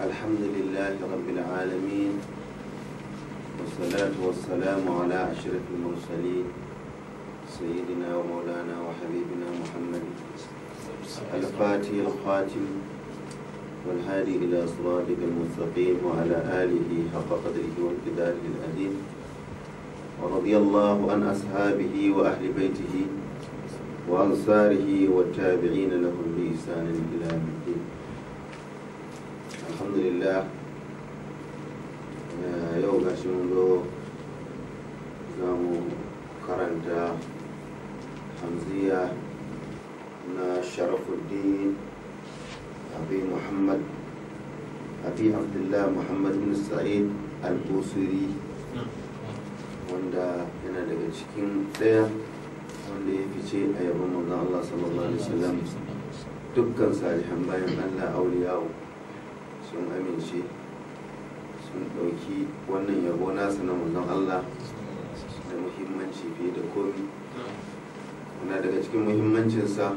الحمد لله رب العالمين والصلاة والسلام على أشرف المرسلين سيدنا ومولانا وحبيبنا محمد الفاتح الخاتم والهادي إلى صراطك المستقيم وعلى آله حق قدره وامتداده الأديم ورضي الله عن أصحابه وأهل بيته وأنصاره والتابعين لهم بإحسان إلى يوم الدين alhamdulillah yau gashi mun zo za mu karanta hamziya na sharafuddin abi muhammad abi abdullah muhammad bin sa'id al-busiri wanda yana daga cikin ɗaya wanda ya fice a yabon manzon allah sallallahu alaihi wasallam dukkan salihan bayan allah auliyawo sun amince sun ɗauki wannan yabo nasu na manzon Allah da muhimmanci fiye da komi na daga cikin muhimmancinsa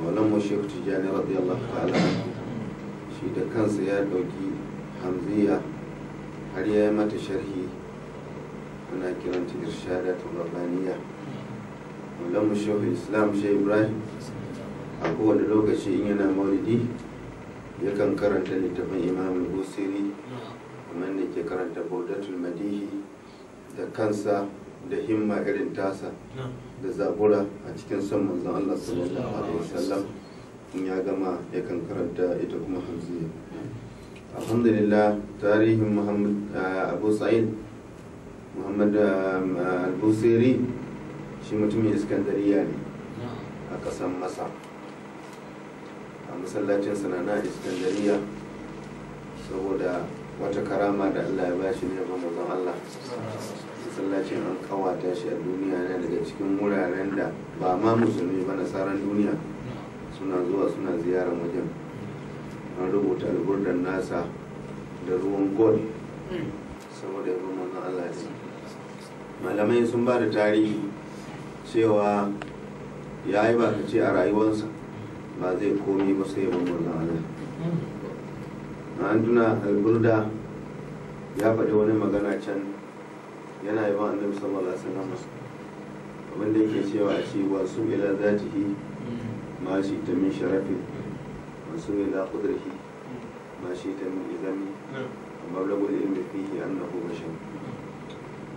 maulan na tijjani radiyallahu ta'ala shi da kansa ya ɗauki hamziya har ya yi mata sharhi ana kiranta irshada ta rabaniya maulan islam shi ibrahim a kowane lokaci in yana maulidi yakan karanta littafin imamul busiri wanda ke karanta baudatul madihi da kansa da himma irin tasa da zabura a cikin son manzon Allah sallallahu alaihi wasallam in ya gama yakan karanta ita kuma hamziya alhamdulillah tarihin muhammad eh, abu sa'id muhammad eh, al-busiri shi mutumin iskandariya ne a ƙasar masar masallacin sanana iskandariya saboda wata karama da allah ya bashi ne ga mazan allah masallacin an kawata shi a duniya na daga cikin wuraren da ba ma musulmi ba nasaran duniya suna zuwa suna ziyarar wajen an rubuta alburdan nasa da ruwan gold saboda ya yabon zan allah ne malamai sun ba da tarihi cewa ya yi ce a rayuwarsa ba zai komi ba sai yabon murna Allah an tuna alburda ya faɗi wani magana can yana yi wa annabi sallallahu alaihi wasallam abin da yake cewa a ce wasu ila zatihi ma shi ta min sharafin wasu ila qudrahi ma shi ta min izami amma rabu da ilmi fihi ko bashar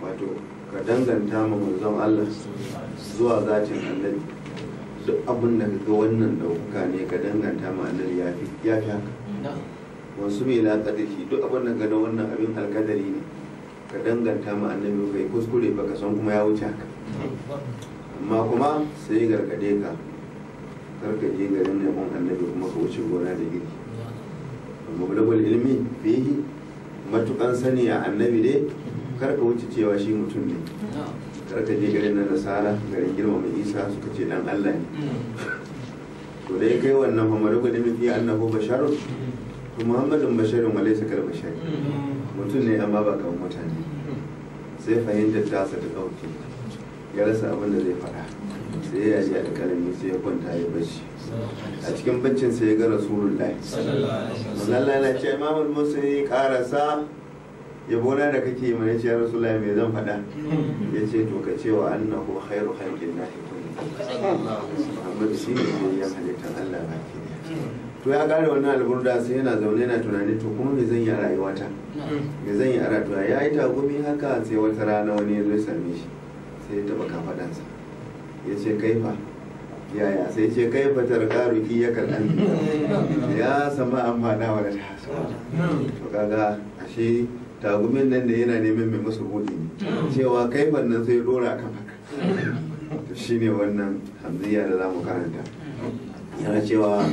wato ka danganta ma manzon Allah zuwa zatin annabi duk abin da ga wannan ɗaukaka ne ka danganta ma ya fi haka wasu mai laƙa da shi duk abin da ga wannan abin alkadari ne ka danganta ma annabi kai kuskure ba ka san kuma ya wuce haka amma kuma sai gargade ka karka je garin neman annabi kuma ka wuce gona da gidi mablagul ilmi fihi matukan sani a annabi dai karka wuce cewa shi mutum ne har ta je garin na nasara garin girmama isa suka ce dan allah ne to dai kai wannan mamaru ga dami fiye annahu basharun to muhammadun basharun wale laysa karba bashari mutum ne amma ba kamar mutane sai fahimtar tasa ta dauke ya rasa abin da zai faɗa sai ya ji a kalami sai ya kwanta ya bacci a cikin baccin sai ya ga rasulullahi sallallahu alaihi wasallam Allah ya ce imamul ya karasa yabona da kake yi mana ciyar ya rasulullahi me zan faɗa ya ce to ka cewa hairu khairu na lahi Muhammad shi ne yan halittar Allah baki to ya kare wannan alburda sai yana zaune yana tunani to kuma me zan yi a rayuwata me zan yi a rayuwa ya yi tagumi haka sai wata rana wani ya zo ya same shi sai ya taɓa kafaɗansa ya ce kai fa yaya sai ce kai fatar karuki ya karɗan ya sama amfana wa da ta to kaga ashe tagumin nan da yana neman mai masa buɗe cewa kai wannan zai rora kan haka shi ne wannan hamziya da za mu karanta yana cewa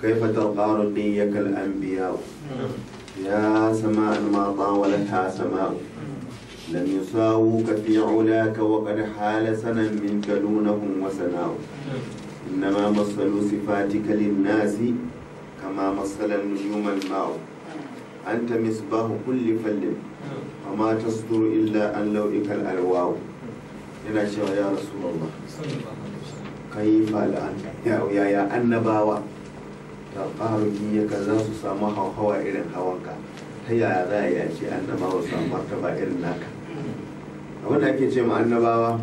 kai ƙarar ɗin ya kal an biya ya sama an ma ɓawala ta sama lam yusawu ka fi ula ka wa hala sanan min ka nuna hun wasa nawo innama masalu sifati kalin nasi kama masalan yuman mawu an anta misbahu kulli fallin amma tasduru illa an lau'ikal alwawu yana cewa ya rasu ka yi rasulullah kaifa la'anta yaya annabawa ta ƙaruki ka za su samu hauhawa irin hawanka ta yaya za a yace annabawa su samu ba irin naka abin da ake ce ma annabawa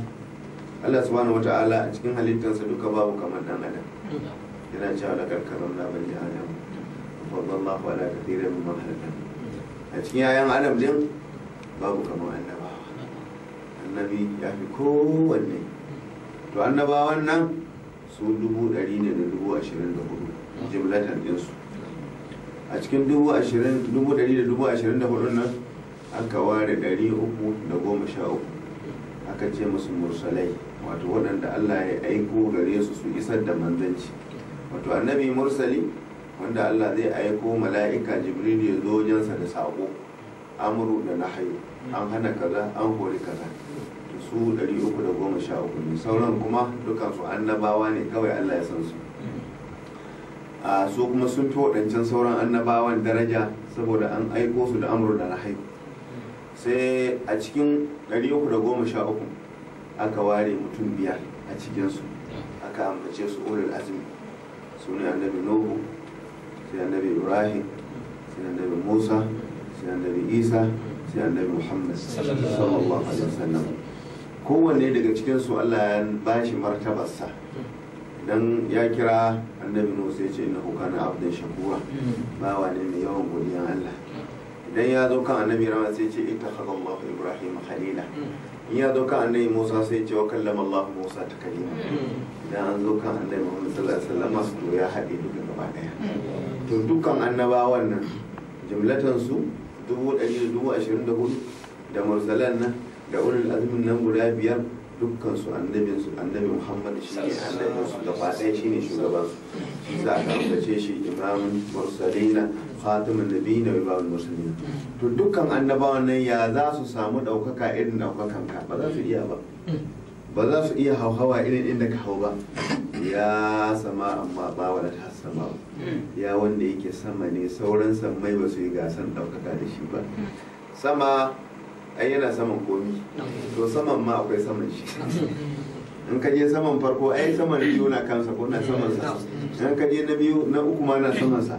Allah subhanahu wata'ala a cikin halittarsa duka babu kamar dan adam yana cewa lakar karam na bani adam fadlallahu ala kathirin mimman halakna a cikin yayan adam din babu kamar annabawa annabi ya fi kowanne to annabawan nan su dubu ɗari da dubu ashirin da hudu jimlatan ɗinsu a cikin dubu ashirin dubu ɗari da dubu ashirin da hudu nan aka ware ɗari uku da goma sha uku aka ce musu mursalai wato waɗanda allah ya aiko gare su su isar da manzanci wato annabi mursali wanda Allah zai aiko mala'ika jibril ya zo jansa da saƙo amuru da nahayu an hana kaza an hori kaza da su 313 ne sauran kuma dukkan su annabawa ne kawai Allah ya san su a su kuma sun fi waɗancan sauran annabawan daraja saboda an aiko su da amuru da nahayu sai a cikin 313 aka ware mutum biya a cikinsu aka ambace su ulul azmi sunan annabi nuhu sai annabi ibrahim sai annabi musa sai annabi isa sai annabi muhammad sallallahu alaihi wasallam kowanne daga cikin su Allah ya bashi shi martabarsa dan ya kira annabi Musa ya ce innahu kana abdan shakura bawa ne mai yawan godiyan Allah idan ya zo kan annabi rama sai ce allah ibrahim khalila ya zo kan annabi musa sai ce wa kallama allah musa ta kalima da an zo kan annabi muhammad sallallahu alaihi wasallam to ya haɗe duka gaba ɗaya to dukkan annabawan nan jumlatan su dubu ɗari da dubu ashirin da hudu da mursalan nan da ulul azmin nan guda biyar dukkan su annabin su annabi muhammad shi ne annabin su gaba ɗaya shi ne shugaban su za a kamface shi imamun mursalina Fatima nabiyina wa babul mursalin to dukkan annabawan nan ya za su samu ɗaukaka irin daukakan ka ba za su iya ba ba za su iya hauhawa irin inda ka hau ba ya sama amma ba wani ta sama ya wanda yake sama ne sauran sammai ba su yi gasan daukaka da shi ba sama ai yana saman komi to saman ma akwai saman shi in ka je saman farko ai saman biyu na kansa ko na saman sa in ka je na biyu na uku ma na saman sa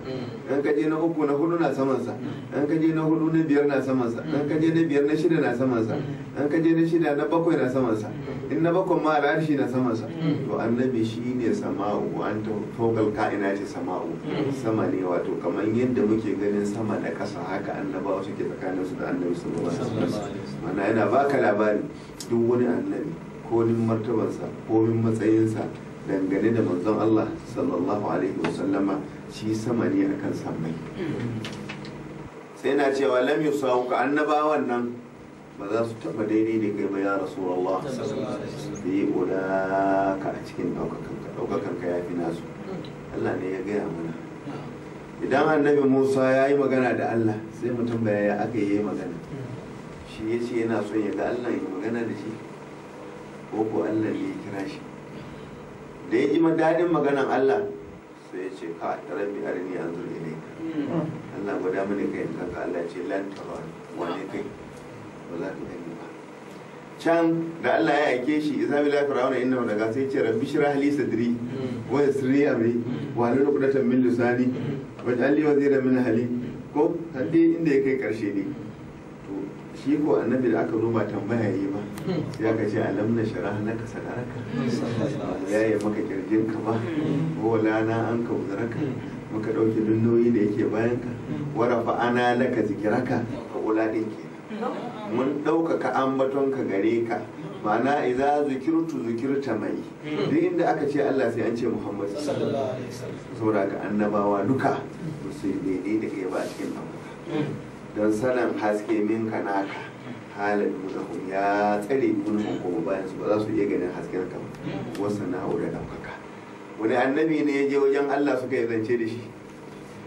in ka je na uku na hudu na saman sa in ka je na hudu na biyar na saman sa in ka je na biyar na shida na saman sa in ka je na shida na bakwai na saman sa in na bakwai ma shi na saman sa to annabi shine sama'u an togal fogal ka'ina ce sama'u sama ne wato kamar yadda muke ganin sama da ƙasa haka annabawa suke tsakaninsu da annabi sallallahu alaihi wasallam wannan yana baka labari duk wani annabi ko min martabarsa ko min matsayinsa dangane da manzon Allah sallallahu alaihi wasallama shi sama ne akan sammai sai na cewa lam yusawu ka annabawan nan ba za su taba daidai da kai ba ya rasulullah sai alaihi ka a cikin daukakan ka daukakan ka nasu Allah ne ya gaya mana idan annabi Musa ya yi magana da Allah sai mutum baya ya aka yi magana shi ya ce yana son ya ga Allah ya magana da shi ko ko Allah ne ya kira shi da ya ji daɗin maganan Allah sai ya ce ka rabbi arini anzur ilayka Allah gwada mini kai kanka Allah ce lan tara wani kai ba za ka gani ba can da Allah ya aike shi isa bila fir'auna inna wa daga sai ce rabbi shrah li sadri wa yassirli amri wa hal uqdatan min lisani mm. waj'al li wazira min ahli ko hadde inda ya kai karshe ne shi ko annabi da aka noma tambaya yi ba sai aka ce alam na shara na ka sadaraka ya yi maka kirgin ka ba ko lana an ka wuzaraka maka ɗauki dunnoyi da yake bayan ka warafa ana laka zikiraka ka ula din ke mun ɗaukaka ambaton ka gare ka ma'ana iza zikirtu zikirta mai duk inda aka ce Allah sai an ce Muhammad saboda ga annabawa duka su daidai da kai ba a cikin abu don sanin haske min ka naka halin munahum ya tsare munahum kuma bayan su ba za su iya ganin hasken ka wasu na'ura ɗaukaka wani annabi ne ya je wajen Allah suka yi zance da shi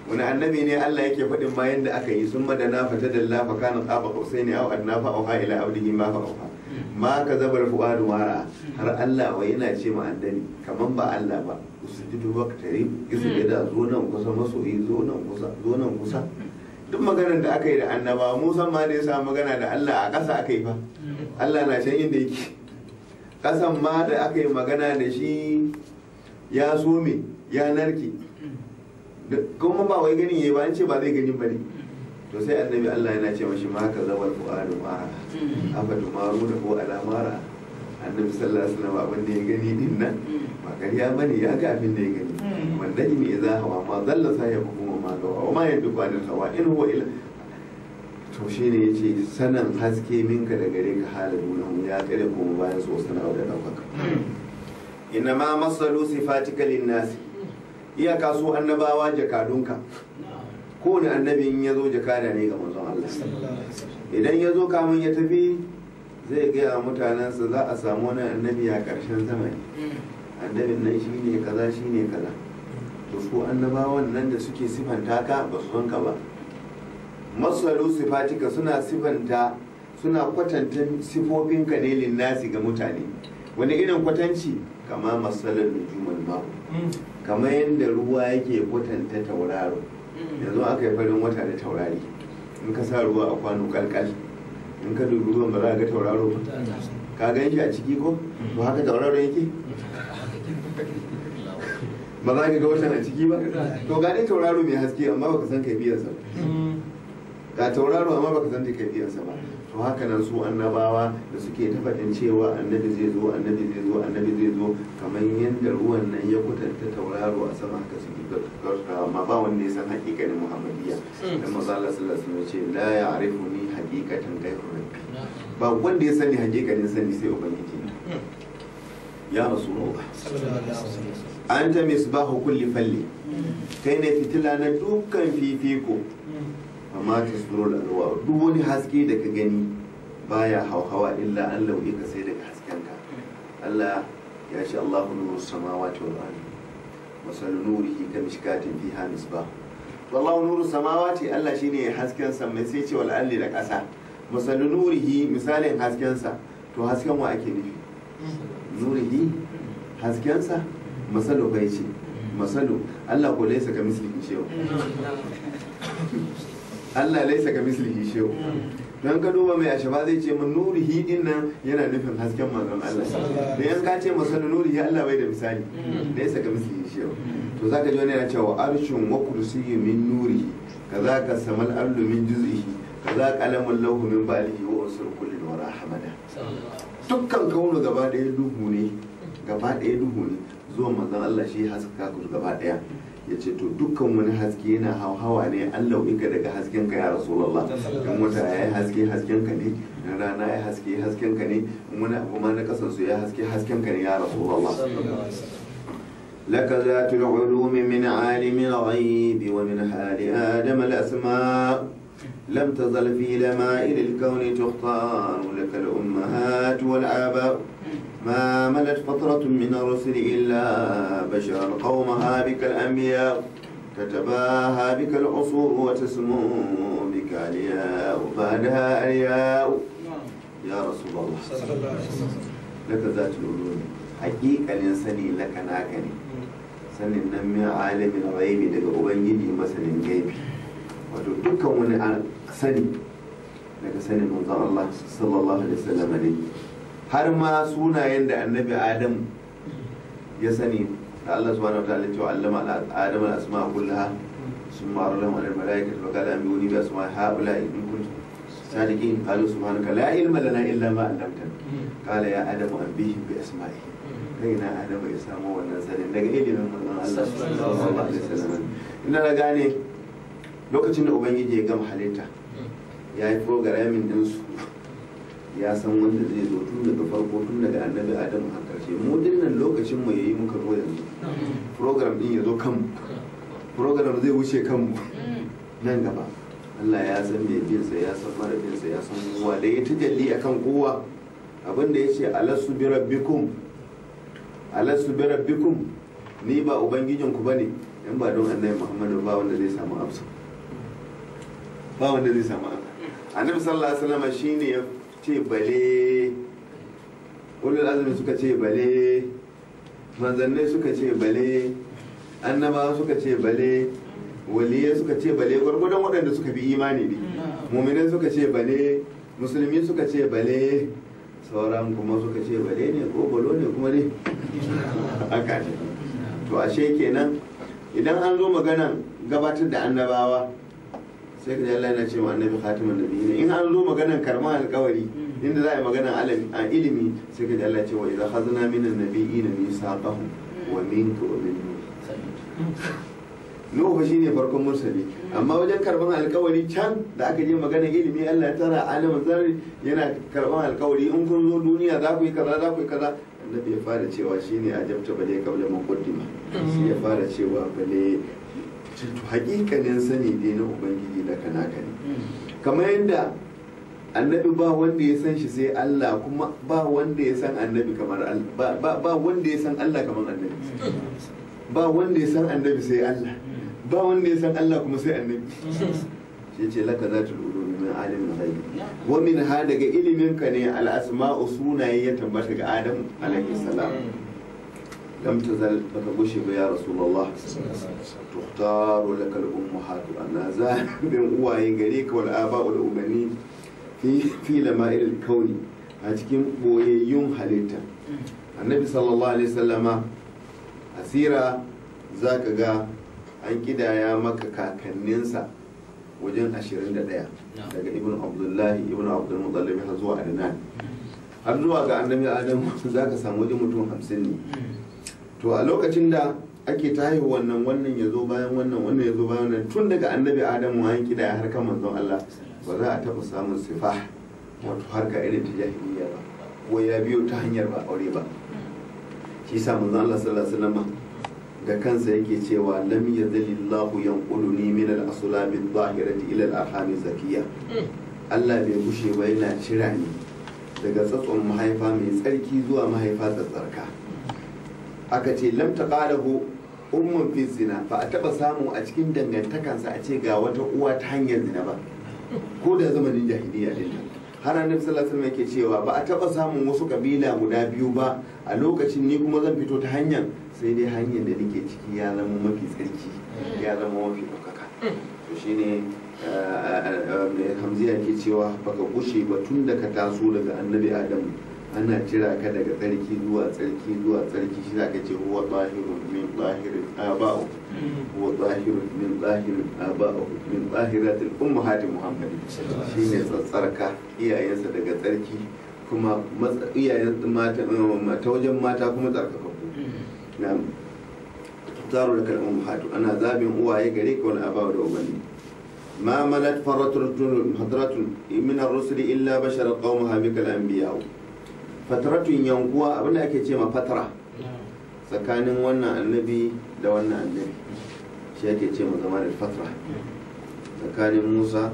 wani annabi ne Allah yake faɗin bayan da aka yi sun madana fata da lafa kana tsaba kausai ne au adna a haila ila abdihi ma fa auha ma ka zabar fuadu mara har Allah wa yana ce ma annabi kaman ba Allah ba usujudu waqtari isu da zo nan kusa masoyi zo nan kusa zo nan kusa duk maganar da aka yi da annaba musa ma da ya sa magana da allah a ƙasa aka yi fa allah na can inda yake ƙasan ma da aka yi magana da shi ya me ya narke kuma ba wai ganin yayi ba an ce ba zai ganin bane to sai annabi allah yana ce mashi ma ka zabar fu'adu ma'ara afa tumaru da ko alamara annabi sallallahu alaihi wasallam abin da ya gani din nan ba ƙarya bane ya ga abin da ya gani hmm. wanda imi idza hawa ma dalla sahibuhu wa ma ga wa ma duba da hawa in huwa ila to shine yace sanan haske minka da gare ka halin nan ya kare kuma bayan so sana da dafaka hmm. inna ma masalu sifatika lin nasi ka so annabawa jakadunka ne annabin ya zo jakada ne ga manzon Allah idan ya zo kamun ya tafi zai gaya mutanensa za a samu wani annabi a karshen zamani mm. annabin nan shi ne kaza shi ne kaza to su annabawan nan da suke sifanta ka ba su ka ba masaru sifatika suna sifanta suna kwatanta sifofinka ne linnasi ga mutane wani irin kwatanci kama masalar nujuman ba mm. kama yadda ruwa yake kwatanta tauraro mm. yanzu aka yi farin wata da taurari in ka sa ruwa a kwano kalkal in ka dubi ruwan ba za ka ga tauraro ba ka gan shi a ciki ko to haka tauraro yake ba za ka ga watan a ciki ba to ga dai tauraro mai haske amma baka san kaifiyarsa ba ga tauraro amma baka san kaifiyarsa ba to haka nan su annabawa da suke ta faɗin cewa annabi zai zo annabi zai zo annabi zai zo kamar yadda ruwan nan ya kwatanta tauraro a sama haka suke ga amma ba wanda ya san hakikanin muhammad Mm. da maza Allah sallallahu alaihi wasallam ce la ya'rifu ni haqiqatan kai rabbi ba wanda ya sani hakikanin sani sai ubangiji mm. ya rasulullah anta misbahu kulli falli kai ne fitila na dukkan fifiko mm. amma ta tasdurul alwa duk wani haske da ka gani baya hauhawa illa an lauye ka sai daga haskenka Allah ya shi Allahu nuru samawati wal ardi masalu nurihi kamishkatin fiha misbah wallahu nuru samawati Allah shine hasken sa mai sai ce wal alli da ƙasa misalin nurihi misalin hasken sa to hasken wa ake nufi nurihi hasken sa masalu bai ce masalu Allah ko laisa ka mislihi shehu Allah laisa ka mislihi shehu don ka duba mai ashaba zai ce min nurihi din nan yana nufin hasken manzon Allah da yan ka ce masa nurihi Allah bai da misali da ya saka misali shi yau to zaka ji wani yana cewa arshun wa kursiyyi min nurihi kaza ka samal ardu min juz'ihi kaza qalamul lahu min balihi wa usul kulli wa rahmada dukkan kaunu gaba daya duhu ne gaba daya duhu ne zuwan manzon Allah shi haska gaba daya yace to dukkan wani haske yana hawhawa ne Allah an launinka daga hasken ka ya rasulullah in wata ya haske hasken ka ne in rana ya haske hasken ka ne muna kuma na kasan su ya haske hasken ka ne ya rasulallah لك ذات العلوم من عالم الغيب ومن حال آدم الأسماء لم تزل في لمائل الكون تختار لك الأمهات والآباء ما ملت فترة من الرسل إلا بشر قومها بك الأنبياء تتباهى بك العصور وتسمو بك الياء وبعدها الياء يا رسول الله صلى الله عليه وسلم لك ذات الألوهية حقيقة الإنسان لك ناكني سن النمي عالم الغيب دك أبنجي مثلا جيبي ودك من سني لك سني منظر الله صلى الله عليه وسلم لي har ma sunayen da annabi adam ya sani da Allah subhanahu wa ta'ala cewa allama adam al-asma kullaha summa arlama al-malaikatu wa qala ambuni bi asma haula in kuntum sadiqin qalu subhanaka la ilma lana illa ma 'allamtana qala ya adam ambihim bi asma'i kai na adam ya samu wannan sanin daga ilimin manzon Allah sallallahu alaihi wasallam ina na gane lokacin da ubangiji ya gama halitta ya yi programming din su ya san wanda zai zo tun daga farko tun daga annabi adam har karshe mu dinnan lokacin mu yayi muka zo yanzu program din ya zo kanmu program zai wuce mu nan gaba Allah ya san mai sa ya san mara sa ya san kowa da ya tajalli akan kowa abin da ya ce alasu bi rabbikum alasu bi rabbikum ni ba ubangijinku bane in ba don annabi Muhammadu ba wanda zai samu amsa ba wanda zai samu amsa annabi sallallahu alaihi wasallam shine ya ce bale ulul azumi suka ce bale manzannai suka ce bale annaba suka ce bale waliyai suka ce bale gwargwadon waɗanda suka bi imani ne muminai suka ce bale musulmi suka ce bale sauran kuma suka ce bale ne ko balo ne kuma ne haka ne to ashe kenan idan an zo maganan gabatar da annabawa sai ka ji Allah yana ce wa annabi khatimun nabiyyin in an zo maganan karman alkawari inda za a yi magana a ilimi sai ka Allah ce wa idza khazna minan na misaqahum wa minka wa min Nuhu shi ne farkon mursali amma wajen karban alkawari can da aka je magana ilimi Allah tara alim zarri yana karban alkawari in kun zo duniya za ku yi kaza za ku yi kaza annabi ya fara cewa shine ajabta bale kabla makudima. sai ya fara cewa bale hakikanin sani dai na ubangiji da kana kane kamar yadda annabi ba wanda ya san shi sai Allah kuma ba wanda ya san annabi kamar Allah ba wanda ya san Allah kamar annabi ba wanda ya san annabi sai Allah ba wanda ya san Allah kuma sai annabi shi ce laka za ta lulu min alimin ghaibi wa min ha daga ilimin ka ne al asma'u sunaye ya tabbata ga Adam alaihi salam lam tazal baka gushe ba ya rasulullah tuhtaru lakal ummahatu anna za bin uwaye gare ka wal aba'u da ubani fi lama'il kauni a cikin boyayyun halitta annabi sallallahu alaihi sallama asira za ka ga an kidaya maka kakanninsa wajen 21 daga ibn abdullahi ibn abdul har zuwa adnan har zuwa ga annabi adam za ka samu wajen mutum hamsin ne hmm. to a lokacin da ake ta wannan wannan ya zo bayan wannan wannan ya zo bayan wannan tun daga annabi adamu an kidaya har kan manzon allah ba za a taɓa samun sifa wato harka irin ta jahiliya ba ko ya biyo ta hanyar ba aure ba shi sa manzon Allah sallallahu alaihi wasallam da kansa yake cewa lam yadhilillahu yanquluni min al-aslabi adh-dhahirati ila al-arhami zakiya Allah bai bushe ba yana cira ni daga tsatson mahaifa mai tsarki zuwa mahaifa tsarka aka ce lam taqalahu ummun fi zina ba a taba samu a cikin dangantakansa a ce ga wata uwa ta hanyar zina ba ko da zamanin jahiliya din har annabi sallallahu alaihi yake cewa ba a taba samun wasu kabila guda biyu ba a lokacin ni kuma zan fito ta hanyar sai dai hanyar da nake ciki ya zama mafi tsarki ya zama mafi ɗaukaka to shine eh, eh, eh, hamziya ke cewa baka gushe ba tun da ka taso daga annabi adamu ana jira ka daga tsarki zuwa tsarki zuwa tsarki shi ka ce huwa zahirun min zahirin aba'u huwa zahirun min zahirin aba'u min zahiratil ummahati muhammad ne tsatsarka iyayensa daga tsarki kuma iyayen mata eh, wajen mata kuma tsarkakakku na tsaro da kalmar muhatu ana zabin uwaye gare ka wani abawa da ubanni ما ملت فرة حضرة من illa bashar بشر قومها بك الأنبياء fataratun yankuwa abinda ake ce ma fatara tsakanin wannan annabi da wannan annabi shi ake ce ma zama da fatara tsakanin musa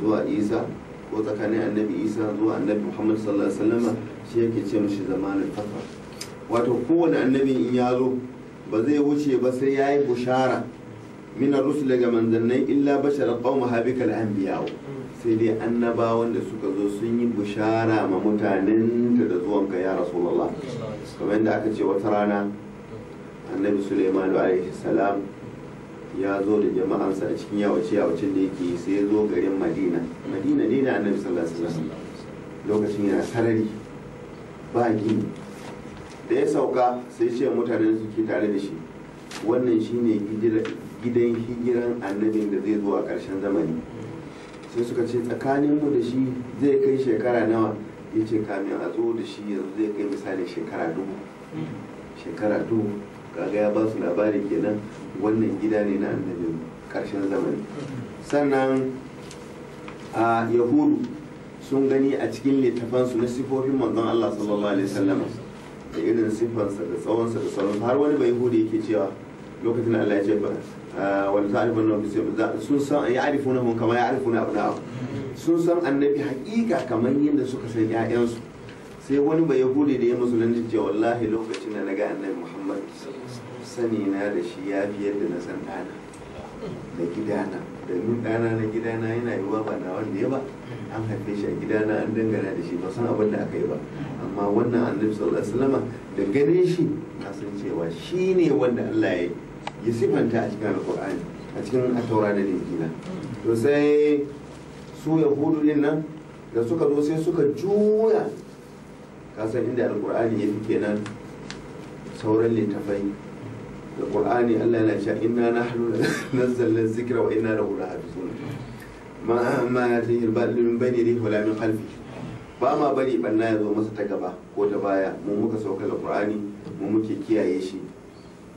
zuwa isa ko tsakanin annabi isa zuwa annabi muhammadu sallallahu alaihi wasallam shi yake ce mishi zamanin fatara wato kowane annabi in ya zo ba zai wuce ba sai ya yi bushara min rusul daga manzannai illa bashar qauma habika al-anbiya'u sai dai annabawan da suka zo sun yi bushara ma mutanen da da ka ya rasulullah kamar da aka ce wata rana annabi suleiman alaihi salam ya zo da jama'ansa a cikin yawace yawacin da yake sai ya zo garin madina madina ne da annabi sallallahu alaihi lokacin yana sarari ba gini da ya sauka sai ce mutanen su ke tare da shi wannan shine gidan hijiran annabin da zai zo a ƙarshen zamani sai suka ce tsakaninmu da shi zai kai shekara nawa ya ce kamin a zo da shi yanzu zai kai misali shekara dubu shekara dubu kaga ya ba su labari kenan wannan gida ne na annabin karshen zamani sannan a yahudu sun gani a cikin littafansu na sifofin manzon allah sallallahu alaihi wasallam da irin siffarsa da tsawonsa da sauransu har wani bai yahudu yake cewa lokacin da Allah ya ce ba wani ta alifin nan sai sun san ya arifu na kama ya arifu na abu sun san annabi haƙiƙa kamar yadda suka san ƴaƴansu sai wani bai yahudi da ya musulunci ce wallahi lokacin da na annabi muhammad sani na da shi ya fi yadda na san ɗana da gidana domin ɗana na gidana yana yiwa ba na wanda ya ba an haife shi a gidana an dangana da shi ba san abin da aka yi ba amma wannan annabi sallallahu alaihi wasallama da ganin shi na san cewa shi ne wanda Allah ya yi ya siffanta a cikin alkur'ani a cikin ataura da injila to sai su yahudu din nan da suka zo sai suka juya kasan inda alkur'ani ya fi kenan sauran littafai da qur'ani Allah yana cewa inna nahnu nazzalna zikira wa inna a lahafizun ma ma yatihi al-batil min rihi wa wala min halfi ba ma bari banna ya zo masa ta gaba ko ta baya mu muka sauka da qur'ani mu muke kiyaye shi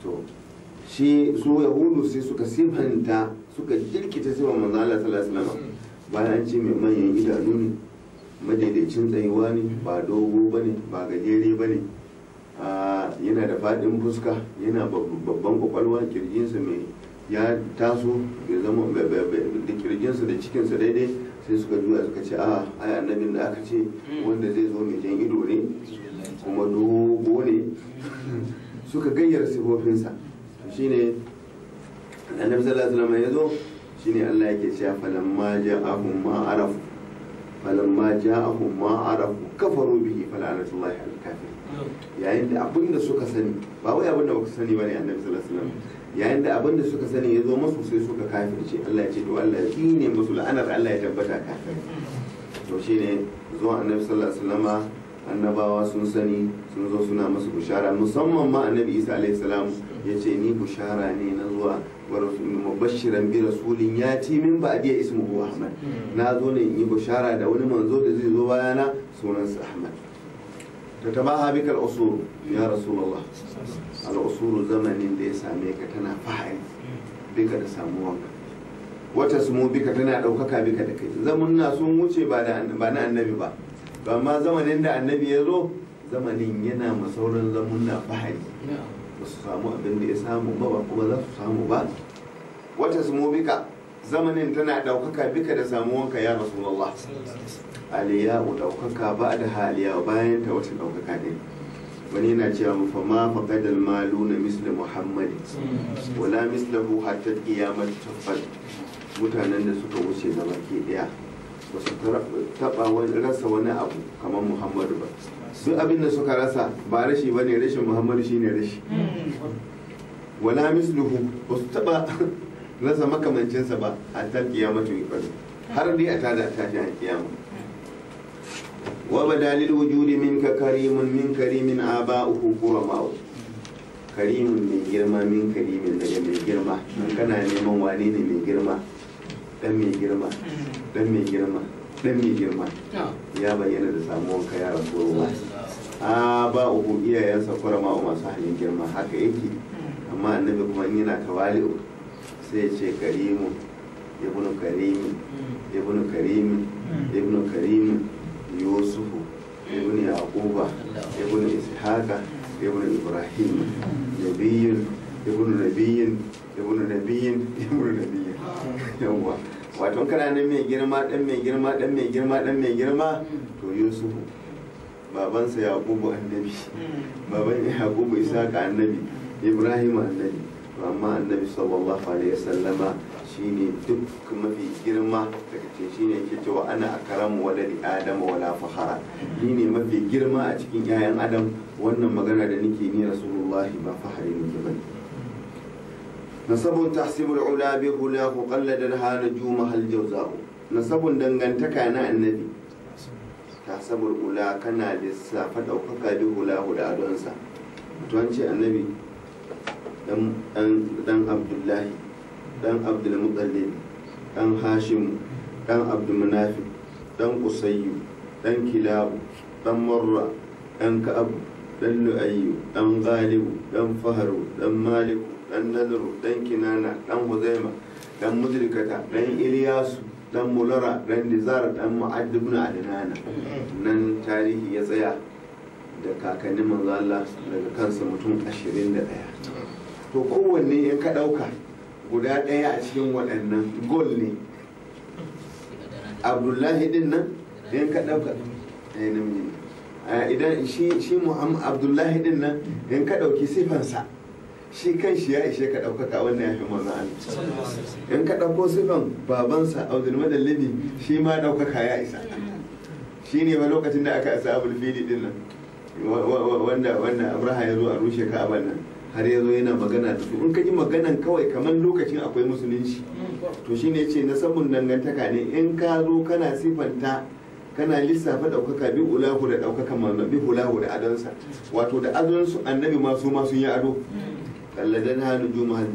to shi su yahudu sai suka sifanta suka jirkita sai manzo Allah sallallahu alaihi wasallam bayan ce mai manyan idanu ne madaidaicin tsayuwa ne ba dogo bane ba gajere bane yana da faɗin fuska yana babban kwakwalwa kirjinsa mai ya taso bai zama da kirjinsa da cikinsa daidai sai suka juya suka ce a ai annabin da aka ce hmm. wanda zai zo mai jan ido ne kuma dogo ne hmm. suka gayyar sifofinsa shine annabi sallallahu alaihi wasallam ya zo shine Allah yake cewa falamma ja'ahum ma arafu falamma ja'ahum ma arafu kafaru bihi falanatullahi al kafir yayin da abin suka sani ba wai abin da baka sani bane annabi sallallahu alaihi wasallam yayin da abin suka sani ya zo masu sai suka kafirce Allah ya ce to Allah ya tsine musu la'anar Allah ya tabbata kafir to shine zuwa annabi sallallahu alaihi wasallam annabawa sun sani sun zo suna masu bushara musamman ma annabi isa alaihi salam ya ce ni bushara ne na zuwa mubashiran bi rasulin ya ce min ba adiya ismuhu ahmad hmm. na zo ne in yi bushara da wani manzo da zai zo bayana sunansa ahmad tatabaha bikal usul ya rasulullah al usul zamanin da ya same ka tana fahari bika da samuwanka wata sumu bika tana daukaka bika da kai zamanna sun wuce ba na annabi ba ba amma zamanin da annabi ya zo zamanin yana masauran zamunna fahari ba su samu abin da ya samu ba kuma za su samu ba wata su bika zamanin tana daukaka bika da samuwanka ya rasulullah aliya wa daukaka ba da haliya bayan ta wata daukaka ne wani yana cewa mu fama faqadal malu na misli muhammadi wala mislahu hatta qiyamati tafad mutanen da suka wuce zama ke daya ba su taɓa rasa wani abu kamar muhammadu ba duk abin da suka rasa ba rashi ba ne rashin muhammadu shi ne rashi wala misluhu ba su taɓa rasa makamancinsa ba a ta kiyamatu yuqadu har dai a tada tashi a kiyama wa badalil wujudi minka karimun min karimin aba'uhu kurama'u karimun mai girma min karimin daga mai girma kana neman wane ne mai girma dan mai girma dan mai girma dan mai girma ya bayyana da samuwan ka yaran kurowa a ba uku iyayensa kurama masu halin girma haka yake amma annabi kuma in yana tawali'u sai ce karimu ibnu karimi ibnu karimi ibnu karimi yusufu ibnu yaquba ibnu ishaqa ibnu ibrahim nabiyyun ibnu nabiyyun ibnu nabiyyun ibnu nabiyyun yawwa wato kana nan mai girma dan mai girma dan mai girma dan mai girma to yusufu babansa yaqubu annabi hmm. baban yaqubu ka annabi ibrahim annabi to amma annabi sallallahu alaihi wasallama shine duk mafi girma daga cikin shine yake cewa ana akramu waladi adama wala fahara ne mafi girma a cikin 'ya'yan adam wannan magana da nake ni rasulullahi ba fahari ne ba nasabun tahsibul ula bi hulahu qalladan hana juma hal jawzahu nasabun dangantaka na annabi tahsabul ula kana lissafa daukaka bi hula da adonsa to ce annabi dan abdullahi dan abdul abdulmutallib dan hashim dan abdulmunafi dan kusayyu dan kilabu dan marra dan ka'abu dan lu'ayyu dan galibu dan faharu dan maliku dan nadaru dan kinana dan huzaima dan mudrikata dan iliyasu dan mulara dan nizar dan ma'ad ibn adnana nan tarihi ya tsaya da kakannin manzo Allah daga kansa mutum 21 to kowanne in ka dauka guda daya a cikin waɗannan gol ne abdullahi din nan in ka dauka eh, eh, idan shi muhammad abdullahi din nan in ka dauki sifansa shi kan shi ya ishe ka ɗaukaka wannan ya fi manzon Allah in ka ɗauko sifan babansa Abdul Madallabi shi ma ɗaukaka ya isa shi ne ba lokacin da aka isa Abul Fili din nan wanda wanda Abraha ya zo a rushe ka abin nan har ya zo yana magana da su in ka ji maganan kawai kamar lokacin akwai musulunci to shi ne ce na samun dangantaka ne in ka zo kana sifanta kana lissafa ɗaukaka bi ulahu da ɗaukakan manzo bi ulahu da adonsa wato da adonsu annabi masu sun yi ado kalladan hannu juma'an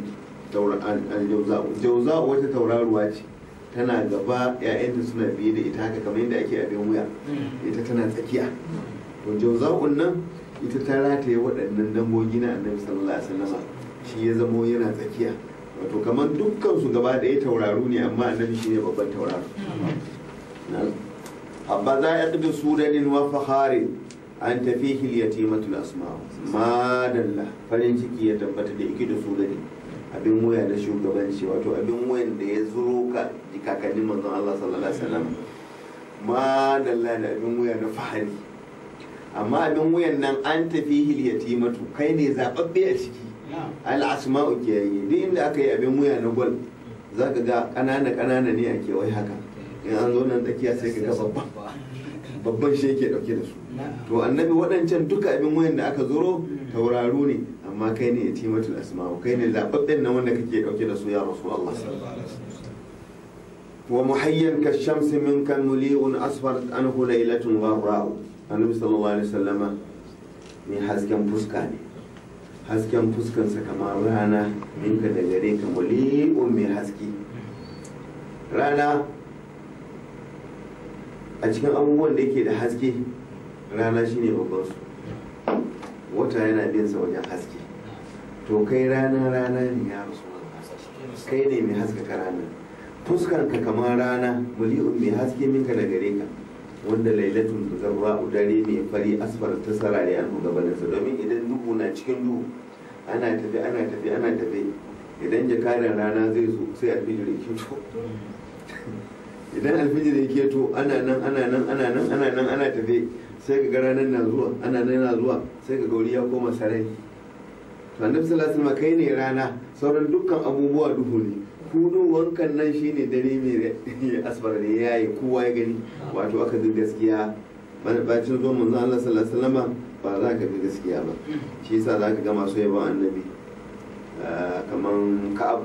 jauza wata tauraruwa ce tana gaba ‘ya'yanta suna biye da ita haka kamar yadda ake abin wuya mm. ita tana tsakiya to jauza'un nan ita ta rataye waɗannan dangogi na annabi sallallahu alaihi wasallam shi ya zamo yana tsakiya wato kamar dukkan su gaba ɗaya tauraru ne amma annabi shine babban tauraro mm. abba za ya ɗaga suranin wa faharin an tafi hiliyati matul asma madalla farin ciki ya tabbata da iki da su gani abin waya na shugabanci wato abin wayan da ya zuro ka kakanni manzon Allah sallallahu alaihi wasallam madalla da abin waya na fahari amma abin wayan nan an tafi hiliyati matu kai ne zababbe a ciki al ke kiyaye duk inda aka yi abin waya na gol zaka ga kanana kanana ne a kewai haka in an zo nan tsakiya sai ka ga babban babban shi ke dauke da su to annabi waɗancan duka abin wayan da aka zuro hmm. tauraro ne amma kai ne yatimatul asma'u kai ne zababben na wanda kake dauke da su ya rasu Allah wa muhayyan ka shamsi min kan muli'un asfar anhu laylatun gharra'u annabi sallallahu alaihi wasallam ne hasken fuska ne hasken sa kamar rana minka da gare ka muli'un mai haske rana a cikin abubuwan da yake da haske rana shine babban su wata yana bin sa wajen haske to kai rana rana ne ya rasu kai ne mai haskaka rana fuskarka kamar rana muli'un mai haske minka da gare ka wanda lailatun tuzarra dare mai fari asfar ta sarare an gabaninsa domin idan duhu na cikin duhu ana tafi ana tafi ana tafi idan jakarin rana zai zo sai a fi jirgin idan alfijir yake to ana nan ana nan ana nan ana nan ana tafe sai ka ga ranar na zuwa ana nan na zuwa sai ka gauri ya koma sarai to annabi sallallahu alaihi kai ne rana sauran dukkan abubuwa duhu ne kudu wankan nan shine dare mai asfar ne yayi kowa ya gani wato aka zai gaskiya bacin zuwa manzo Allah sallallahu alaihi ba za ka fi gaskiya ba shi yasa za ka ga masu yaban annabi ah, kaman ka'ab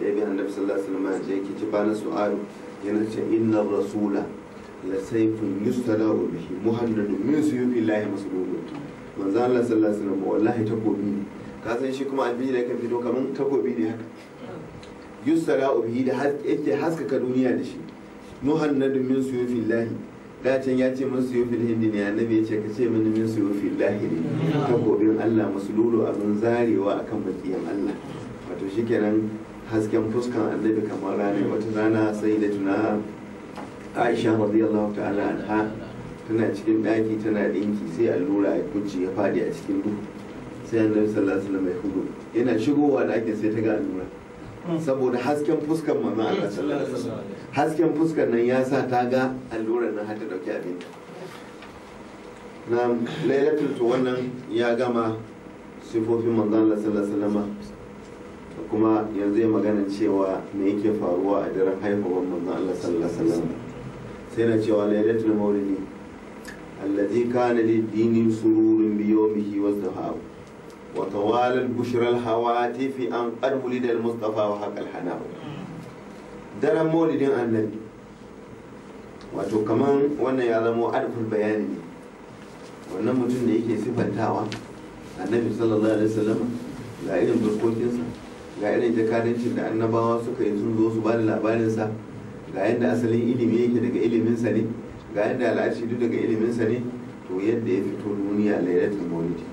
da ya bi annabi sallallahu alaihi wasallam ya ce ki ci ba na su'alu yana ce inna rasula la sayfun yustada'u bihi muhammadu min suyufi lahi masrurun manzo Allah sallallahu alaihi wasallam wallahi takobi ne ka san shi kuma addini da kan fito kaman takobi ne haka yustada'u bihi da yake haskaka duniya da shi muhammadu min suyufi lahi can ya ce min suyufi hindi ne annabi ya ce ka ce min min suyufi lahi ne takobin Allah masululu abin zarewa akan bakiyan Allah wato shikenan hasken fuskan annabi kamar rana wata rana sai da tuna aisha radiyallahu ta'ala anha tana cikin daki tana dinki sai allura ya kunci ya fadi a cikin duhu sai annabi sallallahu alaihi wasallam ya hudu yana shigowa dakin sai ta ga allura saboda hasken fuskan manzon Allah sallallahu alaihi wasallam hasken fuskan nan ya sa ta ga allurar nan har ta dauki abinta na lailatul to wannan ya gama sifofin manzon Allah sallallahu alaihi wasallam kuma yanzu ya magana cewa me yake faruwa a daren haihuwar manzon Allah sallallahu alaihi wasallam sai na cewa lailatul maulidi allazi kana lid-dini sururun bi yawmihi wa zahab wa tawal al-bushra al-hawati fi an qad wulida al-mustafa wa haqa al-hanab daren maulidin annabi wato kaman wannan ya zama adful bayani ne wannan mutum da yake sifantawa annabi sallallahu alaihi wasallam ga irin burkokinsa ga irin jakadancin da annabawa suka yi sun zo su ba da labarinsa ga yadda asalin ilimi yake daga iliminsa ne ga yadda duk daga iliminsa ne to yadda ya fito duniya lairatin maulidi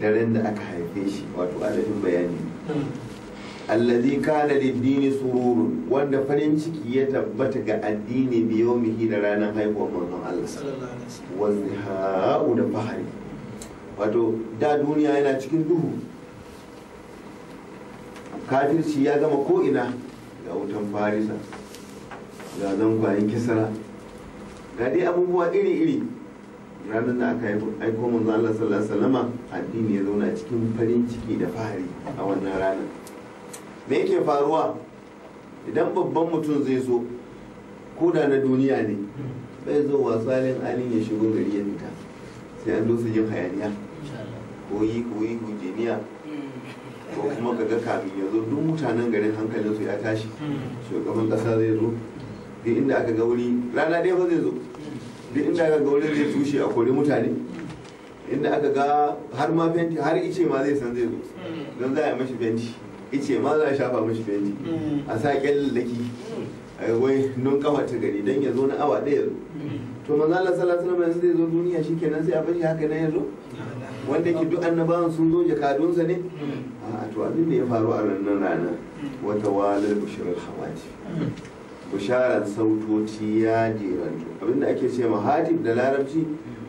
daren da aka haife shi wato alafin bayani allazi kana da dini sururun wanda farin ciki ya tabbata ga addini bi mihi da ranar haihuwar manzon Allah sallallahu alaihi wasallam da fahari wato da duniya yana cikin duhu kafirci ya gama ko'ina ga wutan farisa ga zangwayen kisara ga dai abubuwa iri-iri ranar da aka aiko manzo Allah sallallahu alaihi addini ya zauna cikin farin ciki da fahari a wannan ranar me yake faruwa idan babban mutum zai zo ko da na duniya ne bai zo wa salin alin ya shigo gari ya fita sai an dosa yin hayaniya koyi koyi hujjeniya ko kuma ka ga kafin ya zo duk mutanen garin hankalin su ya tashi shugaban kasa zai zo duk inda aka ga wuri rana ɗaya ba zai zo duk inda aka ga wuri zai tushe a kori mutane inda aka ga har ma fenti har ice ma zai san zai zo don za a mashi fenti ice ma za a shafa mashi fenti a sa kyallaki a wai nun kafa ta gari don ya zo na awa ɗaya zo to manzo Allah sallallahu alaihi wasallam zai zo duniya shikenan sai a bashi haka nan ya zo wanda ke duk annabawan sun zo jakadunsa ne hmm. a to abin da ya faru a ranar rana hmm. wata walar bishirar hawati hmm. bisharar sautoci ya jeranto abin da ake ce mahatib da larabci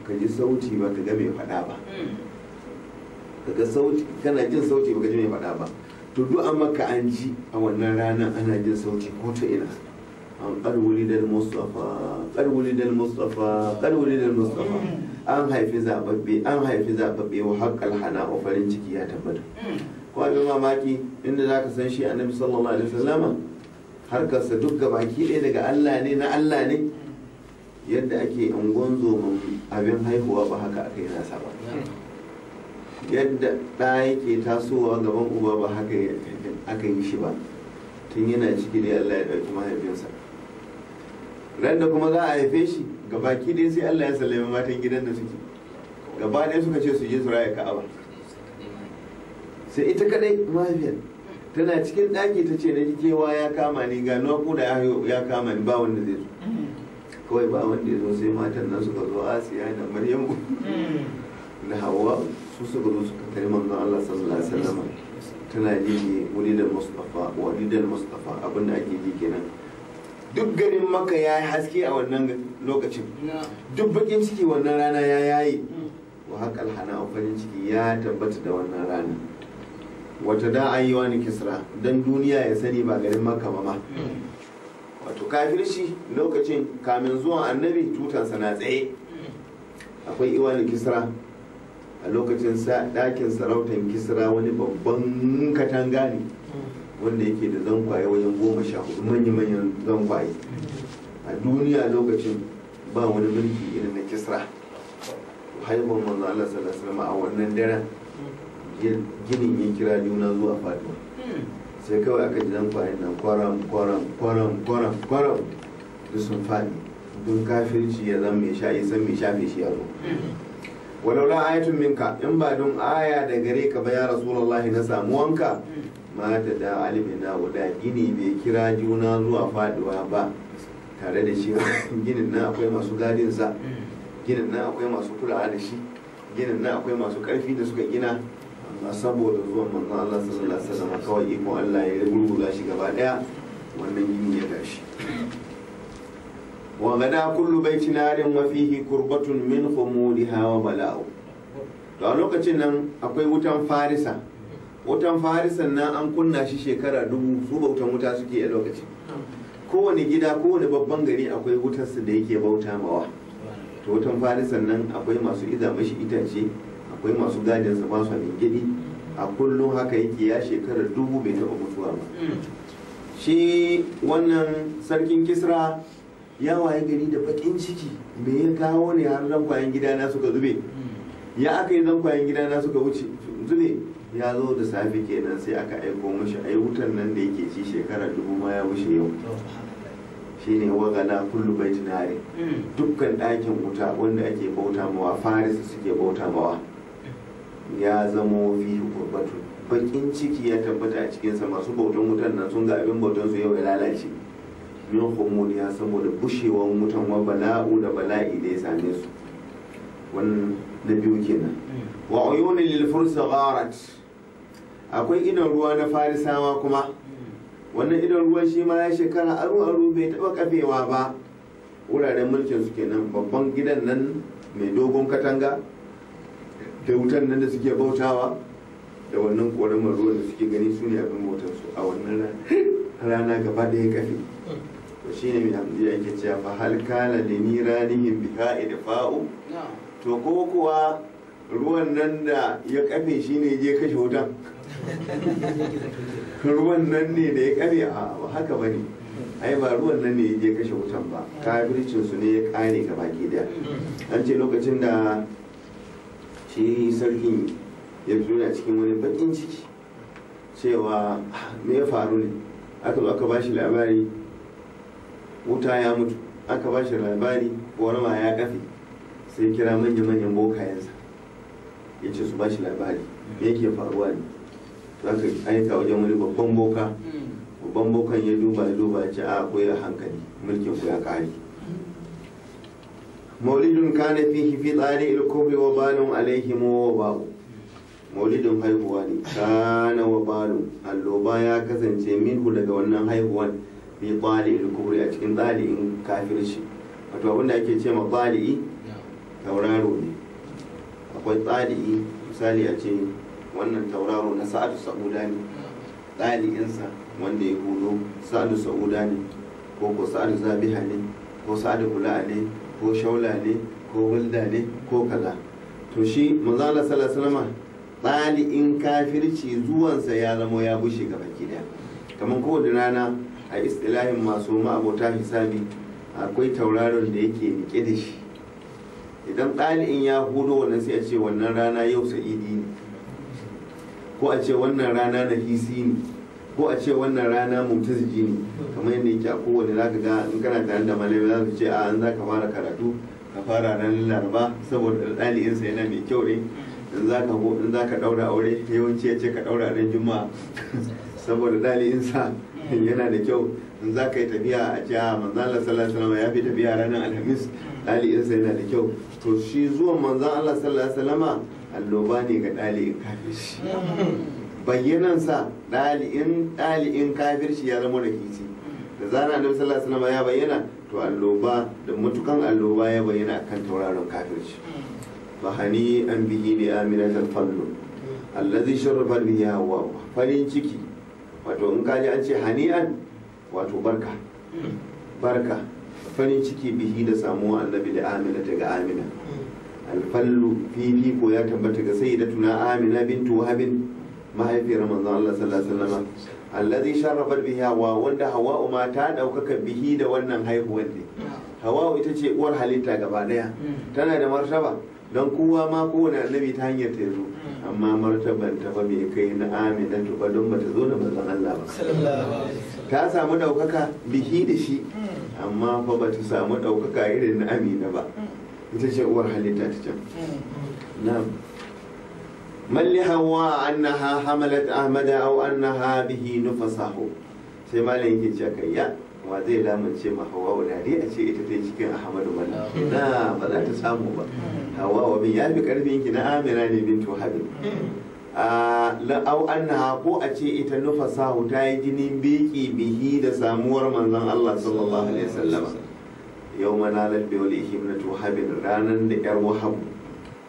ka ji sauti ba ka ga mai faɗa ba kaga sauti kana jin sauti ba ka ji mai faɗa ba to duk an maka an ji a wannan ranar ana jin sauti ko ta ina an ƙarwuli dal mustafa ƙarwuli dal mustafa ƙarwuli dal mustafa an haifi zababbe an haifi zababbe wa haƙƙal hana wa farin ciki ya tabbata kuma abin mamaki inda za ka san shi annabi sallallahu alaihi wasallama harkarsa duk ga baki ɗaya daga Allah ne na Allah ne yadda ake angon zoman abin haihuwa ba haka aka yi nasa ba yadda ɗa yake tasowa gaban uba ba haka aka yi shi ba tun yana ciki ne Allah ya ɗauki mahaifinsa ran da kuma za a haife shi ki dai sai Allah ya sallame matan gidan da suke gaba dai suka ce su je su raya ka'aba sai ita kadai mahaifiyar tana cikin daki ta ce na ji kewa ya kama ni ga nakuda ya kama ni ba wanda zai zo kawai ba wanda ya zo sai matan nan suka zo asiya da maryamu da hawa su suka zo suka tare manzon Allah sallallahu alaihi wasallam tana ji ne wani da mustafa wani da mustafa abinda ake ji kenan duk garin maka ya yi haske a wannan lokacin duk bakin ciki wannan rana ya yayi wa alhana a farin ciki ya tabbata da wannan rana wata da an yi wani kisra don duniya ya sani ba garin maka ba ma wato kafirci lokacin kamin zuwan annabi tutansa na tsaye akwai iwani kisra a lokacin dakin sarautan kisra wani babban katanga ne wanda yake da zankwaye wajen goma sha hudu manya-manyan zankwaye a duniya lokacin ba wani mulki irin na kisra haifar manzo Allah sallallahu alaihi a wannan daren ginin ya kira juna zuwa faduwa sai kawai aka ji zankwayen nan kwaram kwaram kwaram kwaram kwaram duk sun faɗi don kafirci ya zan mai sha isan mai shafe shi ya zo walaula ayatun minka in ba don aya da gare ka ba ya rasulullahi na wanka. mata da alibina guda gini bai kira juna zuwa faduwa ba tare da shi ginin nan akwai masu gadinsa ginin nan akwai masu kula da shi ginin nan akwai masu karfi da suka gina amma saboda zuwan manzon Allah sallallahu alaihi wasallam kawai iko Allah ya rubuta shi gaba daya wannan gini ya tashi wa gada kullu baiti narin wa fihi kurbatun min khumudiha wa bala'u to a lokacin nan akwai wutan farisa wutan farisan nan an kunna shi shekara dubu su bautan wuta suke a lokaci kowane gida kowane babban gari akwai wutarsa da yake bauta mawa ta wutan farisan nan akwai masu iza mashi itace akwai masu gadinsa masu gidi a kullum haka yake ya shekarar dubu bai taɓa mutuwa ba shi wannan sarkin kisra ya waye gari da bakin ciki me ya kawo ne har zankwayen gidana suka zube ya aka yi zankwayen gidana suka wuce zube ya zo da safe kenan sai aka aiko mashi ai wutan nan da yake ci shekara dubu ma ya wuce yau shine wagana kullu bai tunare mm. dukkan ɗakin wuta wanda ake bauta mawa faris suke bauta mawa ya zamo fi gurbatu bakin ciki ya tabbata a cikinsa masu bautan wutan nan sun ga abin bautan su yau ya lalace min homoni ya saboda bushewan wutan wa bala'u da bala'i da ya same su wannan na biyu kenan mm. wa uyuni lil fursa gharat akwai idon ruwa na farisawa kuma wannan idon ruwan shi ma ya shekara aru aru bai taba kafewa ba wuraren mulkin su kenan babban gidan nan mai dogon katanga da wutan nan da suke bautawa da wannan ƙoramar ruwan da suke gani su ne abin motarsu a wannan rana gaba da ya kafe to shi ne mai hamdiya yake cewa fa hal da ni ranihin biha idfa'u to ko kuwa ruwan nan da ya kafe shine je kashe wutan ruwan nan ne da ya kare a haka bane ai ba ruwan nan ne ya kashe wutan ba kafircin su ne ya kare ga baki daya an ce lokacin da shi sarkin ya fito cikin wani bakin ciki cewa me ya faru ne aka zo aka bashi labari wuta ya mutu aka bashi labari korama ya kafe sai kira manya-manyan bokayensa ya ce su bashi labari me yake faruwa ne zaka aika wajen wani babban boka babban bokan ya duba ya duba ce ah, a akwai hankali mulkin ku ya kare maulidun kana fihi fi tsari ilkubri wa balun alaihim wa ba'u maulidun haihuwa ne kana wa balun alloba ya kasance minhu daga wannan haihuwan fi tsari ilkubri a cikin tsali'in kafirci wato abinda ake ce ma tsari tauraro ne akwai tsari misali a ce wannan tauraro na sa'adu sa'uda ne ɗalibinsa wanda ya hudo sa'adu sa'uda ne ko ko sa'adu zabiha ne ko sa'adu kula'a ne ko shaula ne ko wulda ne ko kaza to shi manzala salasalama ɗali'in kafirci zuwansa ya zama ya bushe gaba gida kamar kowace rana a istilahin masu ma'abota hisabi akwai tauraron da yake nike da shi idan ɗali'in ya hudo wannan sai a ce wannan rana yau sa'idi ne ko a ce wannan rana na hisi ne ko a ce wannan rana mutaziji ne kamar yadda yake a kowane zaka ga in kana tare da malami za su ce a an zaka fara karatu ka fara ranar laraba saboda ɗalibinsa yana mai kyau ne in za ka in za ka daura aure yawanci ya ce ka daura ran juma'a saboda ɗalibinsa yana da kyau in za ka yi tafiya a ce a manzan Allah sallallahu alaihi ya fi tafiya ranar alhamis ɗalibinsa yana da kyau to shi zuwan manzan Allah sallallahu alaihi alloba ne ga ɗali'in kafirci bayyanansa ɗali'in ɗali'in kafirci ya zama rikici da zana annabi sallallahu alaihi ya bayyana to alloba da mutukan alloba ya bayyana akan tauraron kafirci bahani an bihi li aminat al-fallu allazi sharrafa bihi wa farin ciki wato in kaji an ce hani'an wato barka barka farin ciki bihi da samuwa annabi da amina ta ga amina alfallu fifiko ya tabbata ga tuna amina bintu wahabin mahaifiyar manzo Allah sallallahu alaihi wasallam alladhi sharrafat bihi hawa wanda hawa'u ma ta daukaka bihi da wannan haihuwar ne hawa'u ita ce uwar halitta gaba daya tana da martaba don kowa ma kowane annabi ta hanyar ta zo amma martaban ta ba mai kai na amina to ba don bata zo da manzon Allah ba ta samu daukaka bihi da shi hmm. amma fa ba ta samu daukaka irin na amina ba hmm. ita ce uwar halitta ta can mm-hmm. na malli hawa annaha hamalat ahmada aw annaha bihi nufasahu sai malam yake cewa kai ya wa zai lamunce ma hawa wala dai a ce ita ta cikin ahmadu mana na ba za ta samu ba mm-hmm. hawa wa bin ya fi karfin ki na amira ne bin tuhabi mm-hmm. au annaha ko a ce ita nufasahu ta yi jinin biki bihi da samuwar manzon Allah sallallahu alaihi wasallama yau manalar bewale himnatu habin ranar da yar wahabu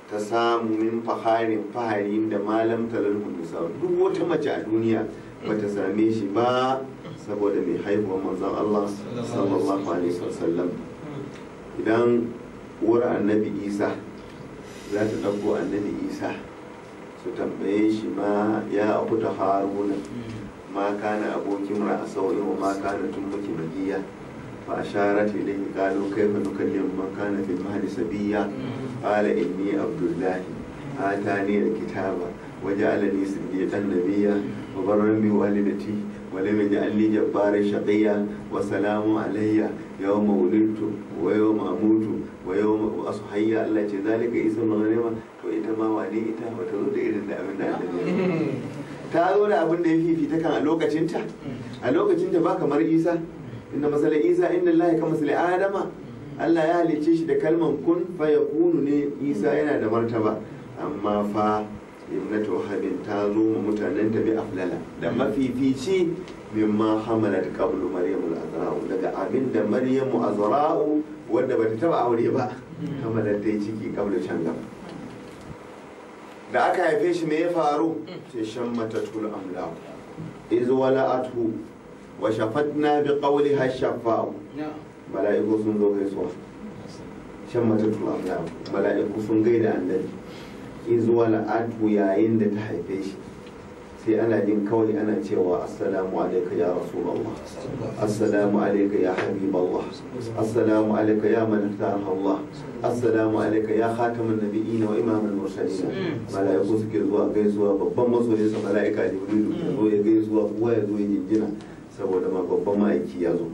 ta samu min fahari faharin da malam talar hudusa duk wata mace a duniya bata same shi ba saboda mai haihuwar manzan Allah sallallahu alaihi wasallam idan uwar annabi isa za ta ɗauko annabi isa su tambaye shi ma ya abu ta haruna ma kana abokin ra'asau yau ma kana tun muke magiya فأشارت إليه قالوا كيف نكلم من كان في المهد سبيا قال إني عبد الله آتاني الكتاب وجعلني صديقا نبيا وبرا بوالدتي ولم يجعلني جبارا شقيا وسلام علي يوم ولدت ويوم أموت ويوم أصحي الله ذلك اسم غنيمة وإتما وعلي إتا وترد إلى الأمن تعالوا zo في تكا da تنتا fifita تنتا باكا مريسا inda masala isa inda Allah ka masala adama Allah ya halice shi da kalman kun fa kunu ne isa yana da martaba amma fa ibnatu habin ta zo ma mutanen ta bi aflala da mafifici mimma hamalat qablu maryamul azra'u daga abin da maryamu azra'u wanda bata taba aure ba hamalat yi ciki qablu can da aka haife shi me ya faru ce mm. shan matatul amlaku iz wala'atu wa shafatna bi qawliha shafaw mala'iku sun zo gaisuwa shan matatul amlam mala'iku sun gaida annabi izuwa la'atu yayin da ta haife shi sai ana jin kawai ana cewa assalamu alaika ya rasulullah assalamu alaika ya habiballah assalamu alaika ya manata Allah assalamu alaika ya khataman nabiyyin wa imamul mursalin mala'iku suke zuwa gaisuwa babban masoyinsa mala'ika jibrilu ya zo ya gaisuwa kowa ya zo ya jinjina saboda ma babban ma'aiki ya zo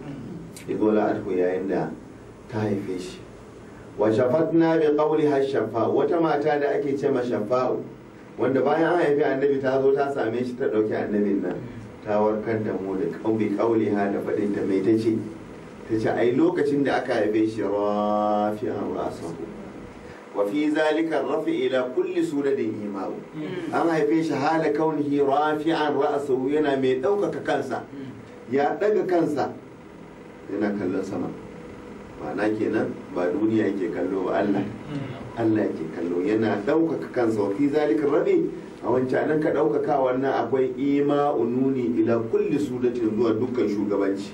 ya zo la'atu yayin da ta haife shi wa shafatna bi qawli hashafa wata mata da ake ce ma shafa'u wanda bayan an haifi annabi ta zo ta same shi ta dauki annabin nan ta warkar da mu da qawli qawli ha da fadin ta mai tace tace ai lokacin da aka haife shi rafi'an ra'sahu wa fi zalika rafi ila kulli suratin imamu hmm. an haife shi hala kaunihi rafi'an ra'sahu yana mai daukaka kansa ya daga kansa yana kallon sama ma'ana kenan ba duniya yake kallo ba Allah Allah yake kallo yana ɗaukaka kansa fi zalika rabi a wancanan ka ɗaukaka wannan akwai ima ununi ila kulli sudatin zuwa dukkan shugabanci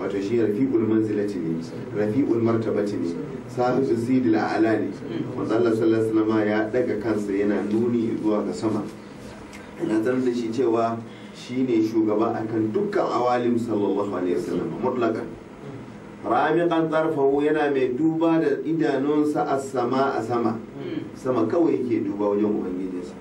wato shi rafi'ul manzilati ne rafi'ul martabati ne sahibu sidil a'la ne wanda Allah sallallahu alaihi ya daga kansa yana nuni zuwa ga sama yana da shi cewa shine shugaba akan dukkan awalim sallallahu alaihi wasallam mutlaqan kan tarfahu yana mai duba da idanunsa a sama a sama sama kawai yake duba wajen ubangijinsa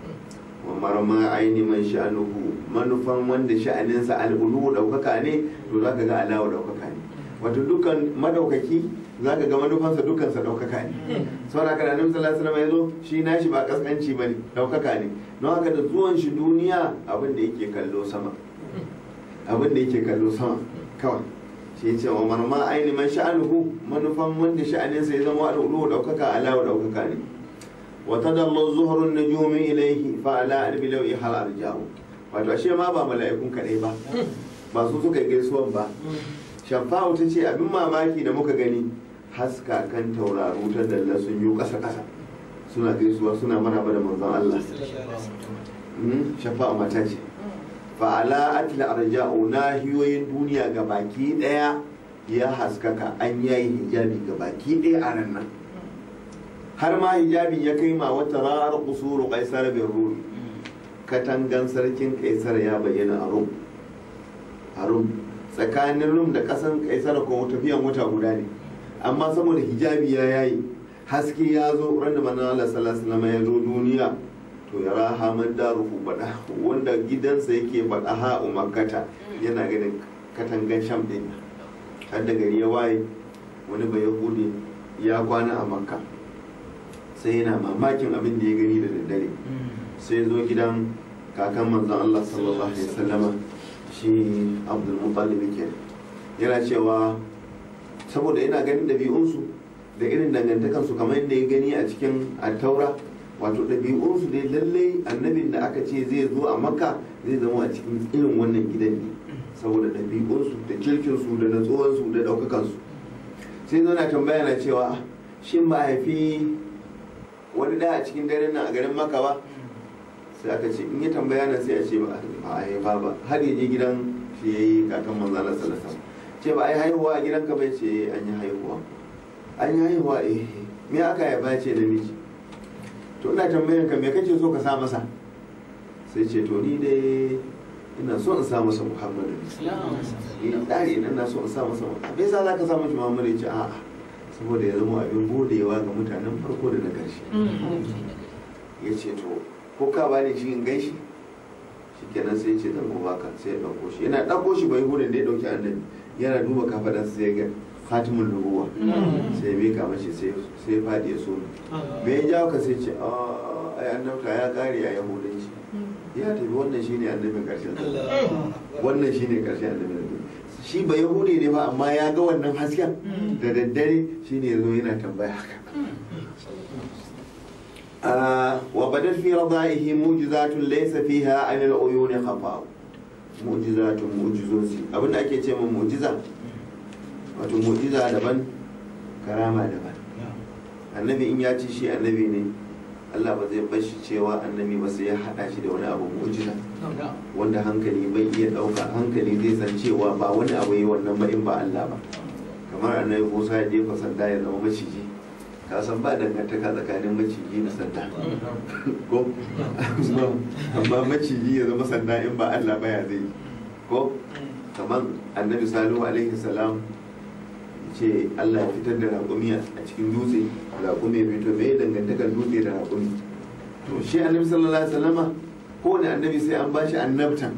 wa marma aini man sha'anuhu manufan wanda sha'aninsa al'ulu daukaka ne to zaka ga alawa daukaka ne wato dukkan madaukaki za ka ga manufansa dukansa ɗaukaka ne sau da kananin sallallahu alaihi zo shi na shi ba kaskanci ne ɗaukaka ne don haka da zuwan shi duniya abin da yake kallo sama abin da yake kallo sama kawai shi ce wa marma aini man sha'anuhu manufan wanda sha'aninsa ya zama al'ulu ɗaukaka alawa ɗaukaka ne wa tadallu zuhrun nujumi ilayhi fa ala albi ya hal wato ashe ma ba mala'ikun kadai ba ba su suka gaisuwan ba shafa'u ta ce abin mamaki da muka gani haska kan tauraro ta dalla sun yi ƙasa-ƙasa suna gaisuwa suna maraba da manzon Allah hmm? shafa'a mata ce fa'ala atila arja'u nahiyoyin duniya ga baki daya ya haskaka an yayi hijabi ga baki daya a nan nan har ma hijabi ya kai ma wata ra'ar kusuru kaisar bin rum katangan sarkin kaisar ya bayyana a rum a rum tsakanin rum da kasan kaisar ko tafiyan wata guda ne amma saboda hijabi ya yayi haske ya zo ran da manzon Allah sallallahu alaihi ya zo duniya to ya raha man bada wanda gidansa yake bada ha umakata yana ganin katangan sham din har da gari ya waye wani bai yahudi ya kwana a makka sai yana mamakin abin da ya gani da daddare sai zo gidan kakan manzon Allah sallallahu alaihi wasallama shi Abdul Muttalib yana cewa saboda yana ganin ɗabi'unsu da irin dangantakansu kamar yadda ya gani a cikin attaura wato ɗabi'unsu dai lallai annabin da aka ce zai zo a makka zai zama a cikin irin wannan gidan ne saboda ɗabi'unsu da kirkinsu da natsuwansu da ɗaukakansu sai zo na tambaya na cewa ah, shin ba haifi wani da a cikin daren nan a garin maka ba sai aka ce in ya tambaya na sai a ce ba a haifa ba har ya je gidan shi ya yi kakan manzana sallallahu ce ba a yi haihuwa a gidanka bai ce eh, an yi haihuwa an yi haihuwa eh me aka yaba ce miji to ina tambayar ka me kake so ka sa masa sai ce to ni dai ina so in sa masa muhammadu ina ina na so in sa masa muhammadu sa za ka sa masa muhammadu ya ce a'a saboda ya zama abin godewa ga mutanen farko da na karshe ya ce to ko ka bani shi in ganshi shi kenan sai ce zan ko baka sai ya ɗauko shi yana ɗauko shi bai hudun da ya ɗauki annabi yana duba kafaɗan sai ga fatimun ruwa mm. sai mai kama shi sai faɗi ya so ah. me ya jawo ka sai ce a ah, annabta ya ƙare ya yahudanci mm. ya tafi wannan shine annabin ƙarshen wannan shine ƙarshen annabin shi ba yahudi ne ba amma ya ga wannan hasken mm. da daddare shine ya zo yana tambaya haka ah, wa badal fi radaihi mujizatun laysa fiha an al-uyun khafa to mu'jizosi abinda ake ce ma mu'jiza wato mu'jiza daban karama daban annabi in ya ci shi annabi ne Allah ba zai bar shi cewa annabi ba sai ya hada shi da wani abu mu'jiza wanda hankali bai iya dauka hankali zai san cewa ba wani abu yi wannan ba in ba Allah ba kamar annabi Musa ya jefa sanda ya zama maciji ka san ba dangantaka tsakanin maciji da sanda ko amma maciji ya zama sanda in ba Allah baya zai ko kamar annabi salihu alaihi salam ce Allah ya fitar da raƙumi a cikin dutse raƙumi mai to mai dangantakar dutse da raƙumi to shi annabi sallallahu alaihi ko ne annabi sai an bashi annabtan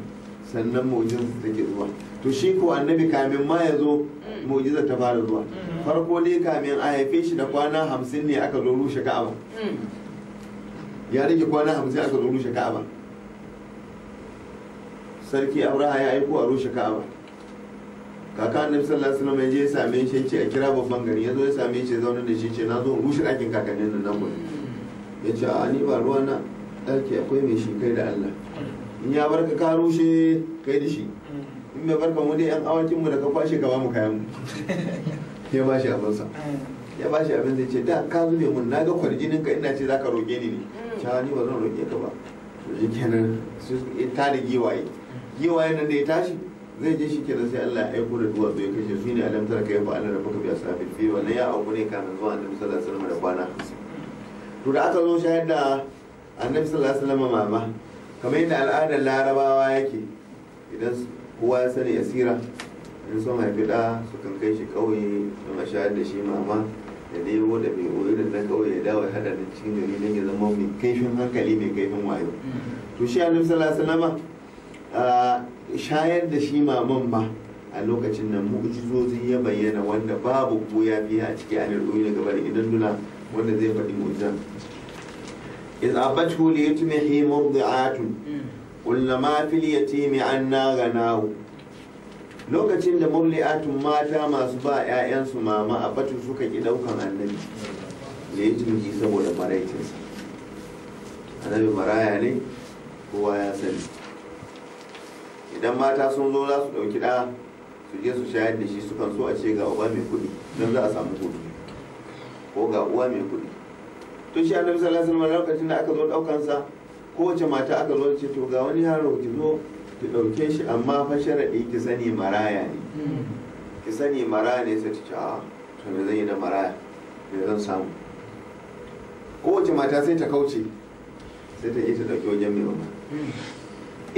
sannan mu'jiza take zuwa to shi ko annabi kamin ma ya zo mu'jiza ta fara zuwa farko ne kamin a haife shi da kwana hamsin ne aka zo rushe ka'aba ya rage kwana hamsin aka zo rushe ka'aba sarki abraha ya aiko a rushe ka'aba kaka annabi sallallahu alaihi wasallam ya je ya same shi ce a kira babban gari ya zo ya same shi zaune da shi ce na zo rushe ɗakin kakannin nan nan ya ce a ni ba ruwa na ɗaki akwai mai shi kai da Allah in ya bar ka ka rushe kai da shi mm. in bai barka mu dai yan awakin mu da ka kwashe ka ba mu kayan mu ya ba shi abin sa mm. ya ba shi abin da ce da ka zube mun naga kwarjinin ka ina ce zaka roke ni ne mm. cha ni ba zan roke ka ba shi kenan sai ta da giwaye giwaye nan da ya tashi zai je shi kenan sai Allah ya aiko da duwatsu ya kashe su ne alam tara kai fa Allah da baka biya safin fi wannan ya auku ne kamin zuwa annabi sallallahu alaihi wasallam da kwana to da aka zo shayar da annabi sallallahu alaihi wasallam mama kamar yadda al'adar larabawa yake idan kowa ya sani asira in son haifi da su kan kai shi ƙauye don a shayar da shi mama da lebo da mai oyi da na ƙauye ya dawo hada da cikin gari don ya zama mai kaifin hankali mai kaifin wayo to shi annabi sallallahu alaihi shayar da shi maman ba a lokacin nan mu'jizozi ya bayyana wanda babu ko ya fiye a ciki a nirɗoyi daga bari idan nuna wanda zai faɗi mu'jizan إذ أبته ليتمحي مرضعات قلنا ما في اليتيم عنا غناه lokacin da mawli'atun mata masu ba 'ya'yansu mama a batu suka ki daukan annabi da ya ji saboda maraicinsa annabi maraya ne kowa ya sani idan mata sun zo za su ɗauki ɗa su je su shayar da shi sukan so a ga uba mai kuɗi don za a samu hutu ko ga uwa mai kuɗi to shi annabi sallallahu alaihi wasallam lokacin da aka zo daukan sa kowace mata aka zo ce to ga wani yaro ki zo ki dauke shi amma fa sharadi ki sani maraya ne ki sani maraya ne sai ta ce a to me zan yi da maraya me zan samu kowace mata sai ta kauce sai ta je ta dauki wajen mai mama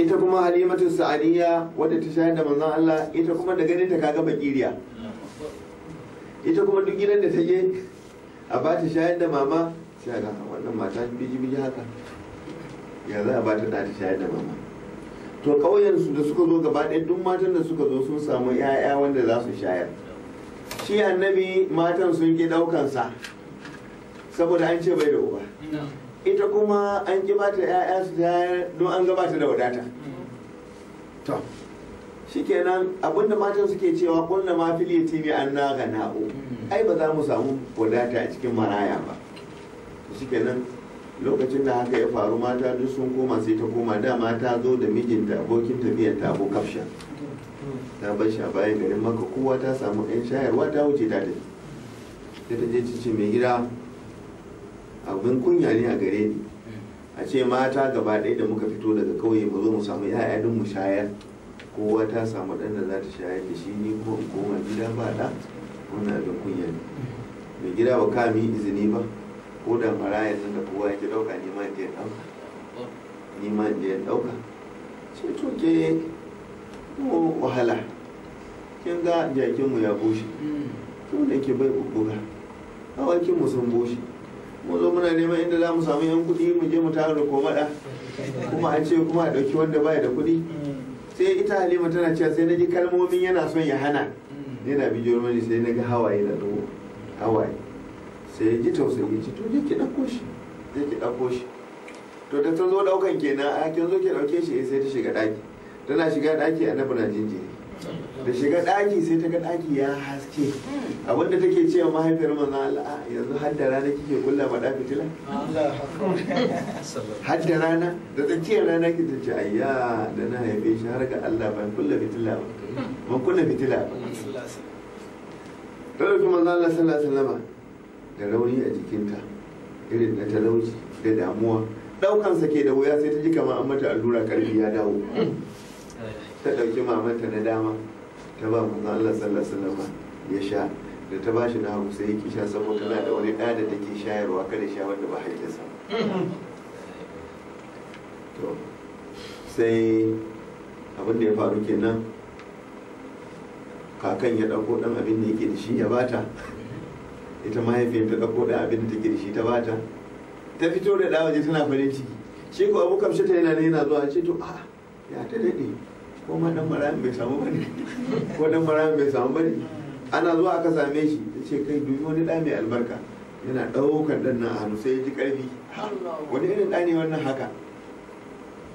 ita kuma halimatu sa'adiyya wadda ta shayar da manzon Allah ita kuma da ganin ta kaga bakiriya ita kuma duk gidan da ta je a ba ta shayar da mama sai ga wannan mata biji biji haka ya za a ba ta da ta shayar da mama to su da suka zo gaba ɗaya duk matan da suka zo sun samu 'ya'ya wanda za su shayar shi annabi matan sun ki ɗaukansa saboda an ce bai da uba ita kuma an ki bata 'ya'ya su shayar don an gabata da wadata to shikenan abinda matan suke cewa kunna ma fili ne an na ga na'o ai ba za mu samu wadata a cikin maraya ba nan lokacin da haka ya faru mata duk sun koma sai ta koma da mata zo da mijinta abokin biyan ta abu kafsha ta bar shi a bayan garin maka kowa ta samu yan shayarwa ta wuce ta da ta ta je cice mai gida abin kunya ne a gare ni a ce mata gaba ɗaya da muka fito daga kauye mu zo mu samu ya'ya mu shayar kowa ta samu ɗan da za ta shayar da shi ni kuma in koma gida ba da wannan abin kunya ne mai gida ba kami izini ba ko da maraya nan da kowa yake dauka ni ma ya dauka ni ma ya dauka sai to ke mu wahala kin ga jakin mu ya bushe hmm. to da ke bai bubbuga awakin mu sun bushe mu zo muna neman inda za mu samu yan kudi mu je mu tara da komada kuma a ce kuma a dauki wanda baya da kudi hmm. sai ita halima tana cewa sai na ji kalmomin yana son ya hana yana hmm. bijiyar mani sai na ga hawaye na hawaye sai ya ji tausayi ci to je ki ɗauko shi je ki ɗauko shi to da ta zo ɗaukan kenan a kin zo ki ɗauke shi eh, sai ta shiga ɗaki tana shiga ɗaki annabi na jinjiri da shiga ɗaki sai ta ga ɗaki ya haske abinda take cewa mahaifiyar manzon Allah ah, yanzu har da rana kike kulla ma da fitila har da rana da tsakiyar rana ki tace ayya da na haife shi har ga Allah ban kulla fitila ba ban kulla fitila ba ta dauki Allah sallallahu alaihi wasallam da rauni a jikinta irin na talauci da damuwa ɗaukansa ke da wuya sai ta ji kama an mata allura karfi ya dawo ta ɗauki mamanta na dama ta ba manzon Allah sallallahu alaihi ya sha da ta bashi na hagu sai yake sha saboda tana da wani da da take shayarwa kada sha wanda ba haƙƙinsa to sai abin da ya faru kenan kakan ya ɗauko ɗan abin da yake da shi ya bata ita mahaifiyar ta ɗauko da abin da take da shi ta bata ta fito da ɗa waje tana farin ciki shi ko abu kamshi ta yana ne yana zuwa ce to a ah, ya ta daɗe ko ma ɗan marayan bai samu bane ko ɗan marayan bai samu bane ana zuwa aka same shi ta ce kai dubi wani ɗa mai albarka yana ɗaukar ɗan nan hannu sai ya ji ƙarfi wani irin ɗa ne wannan haka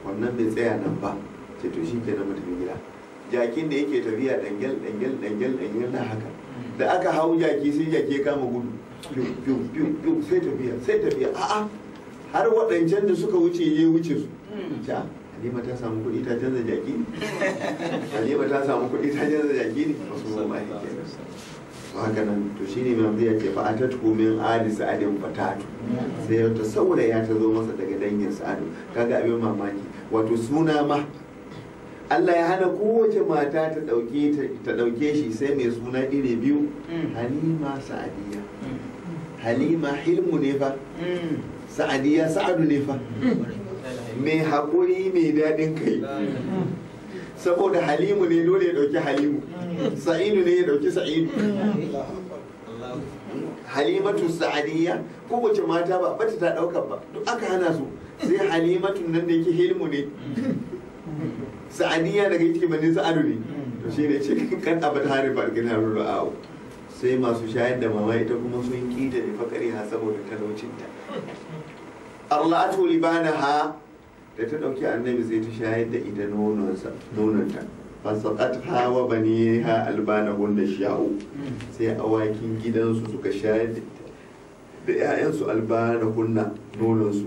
wannan bai tsaya nan ba ce to shi ke na mutum gida jakin da yake tafiya dangel dangel dangel dangel na haka da aka hau jaki sai jaki kama gudu fiu sai tafiya sai tafiya a'a har waɗancan da suka wuce ya wuce su hmm. ja halima ta samu kuɗi ta canza jaki ne halima ta samu kuɗi ta canza jaki ne wasu zama ne ke haka nan to shi ne mamzi ya ce fa a tattu min ali sa'adin fatatu sai ta saurayi ta zo masa daga dangin sa'adu kaga abin mamaki wato suna ma Allah ya hana kowace mata ta ɗauke shi sai mai suna iri biyu mm. halima sa'adiyya mm. halima hilmu ne fa mm. sa'adiyya sa'adu ne fa mai haƙuri mai daɗin kai saboda halimu ne dole ya ɗauki halimu sa'idu ne ya ɗauki sa'idu halimatu sa'adiyya kowace mata ba bata ta ɗaukar ba duk aka hana su sai Halimatu nan da yake hilmu ne sa'adiyya daga yake bani sa'adu ne to shi ne ce kan abu abin harifar gina ru'a'u sai masu shayar da mama ita kuma sun ƙi da fakari ha saboda talaucinta arla'atu ha. da ta ɗauki annabi sai ta shayar da ita nononsa nononta fasaqat ha wa baniha albana gunda sha'u sai awakin gidansu suka shayar da 'ya'yansu nonon su.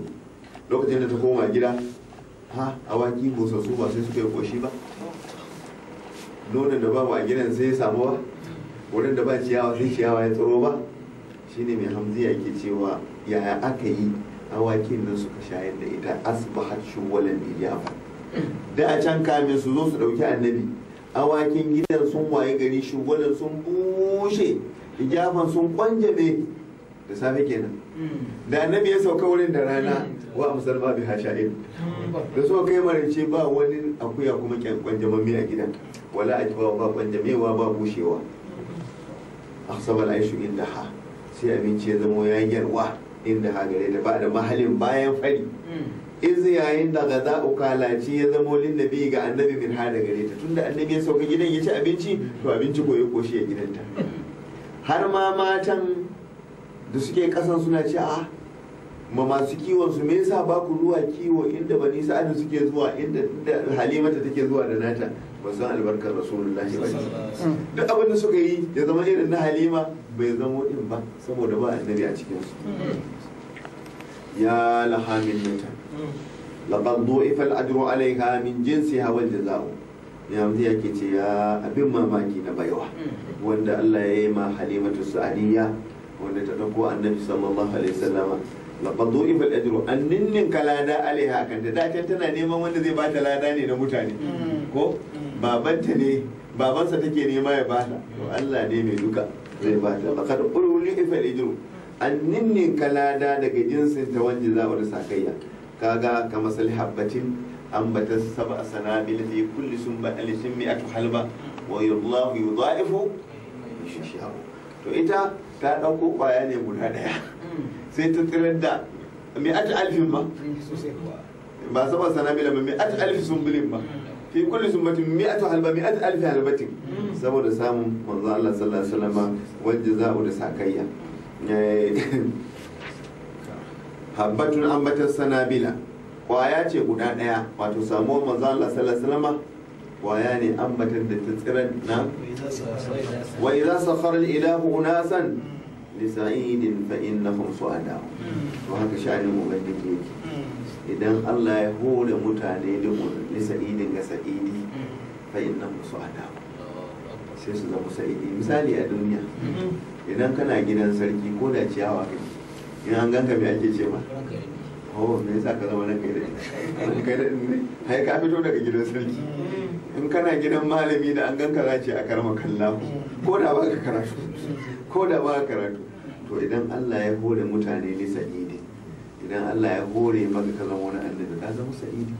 lokacin da ta koma gida ha awaki su ba sai suka yi koshi ba nonon da babu a gidan sai ya samu ba wurin da ba ciyawa sai ciyawa ya tsoro ba shine mai ya ke cewa yaya aka yi awakin nan suka shayar da ita asbahat shuwalan ba da a can kamin su zo su dauki annabi awakin gidan sun waye gari shuwalan sun bushe ijafan sun kwanjame da safe kenan mm. da annabi ya sauka wurin da rana mm. wa amsar ba bi hasha'ir mm, da so kai marince ba wani akuya kuma mai a gidan wala ajwa ba kwanjamewa ba bushewa ahsaba aishu inda ha sai abinci ya zama ya yarwa inda ha gare da ba da mahalin bayan fari iz yayin da gaza ukalaci ya zama lin nabi ga annabi min ha da gare ta tunda annabi ya sauka gidan ya ci abinci to abinci ko ya koshi ya gidanta har ma matan da suke kasan suna ce a ma masu kiwon su me yasa ba ku zuwa kiwo inda bani sa'adu suke zuwa inda halimata take zuwa da nata ba san albarkar rasulullahi ba duk abin da suka yi ya zama irin na halima bai zama din ba saboda ba annabi a cikin su ya lahamin nata laqad du'ifa al-ajru 'alayha min jinsiha wal jazaa'u ya mutu yake ce ya abin mamaki na baiwa wanda Allah ya yi ma halimatu sa'adiyya wanda ta ɗauko annabi sallallahu alaihi wasallama laqad du'ifa al-ajru an ninnin kalada alaiha kan ta dace tana neman wanda zai bata lada ne na mutane mm. ko mm. babanta ne babansa take nema ya bata to Allah ne mai duka zai bata laqad du'ifa al-ajru an ninnin kalada daga jinsin ta wanda za wani sakayya kaga ka masal habbatin an bata saba sanabil fi kulli sunbalatin at halba wa yullahu yudha'ifu to ita ta ɗauko ƙwaya ne guda ɗaya sai ta tsirar da mai ati alfin ba ba saba sana bila ba mai ati alfi sun bulin ba fi kulli batun mai ati halba mai ati alfi halbatin saboda samun manzo Allah sallallahu alaihi wasallam wanda za'u da sakayya eh. habbatun ambatar bila ƙwaya ce guda ɗaya wato samuwar manzo Allah sallallahu alaihi kwaya ne ambatan da ta tsiran na wa idza sakhara al-ilahu unasan li sa'idin fa innahum su'ada to haka sha'anin ubangiji yake idan Allah ya hore mutane da li sa'idin ga sa'idi fa innahum su'ada sai su zama sa'idi misali a duniya idan kana gidan sarki ko da ciyawa kake in an ganka me ake ce ma oh me yasa ka zama nan kai da kai da ne hai ka fito daga gidan sarki in kana gidan malami da an ganka za ce a karma kalla ko da ba ka karatu ko da ba ka karatu to idan Allah ya hore mutane ne sa'idi idan Allah ya hore maka ka zama wani annabi ka zama sa'idi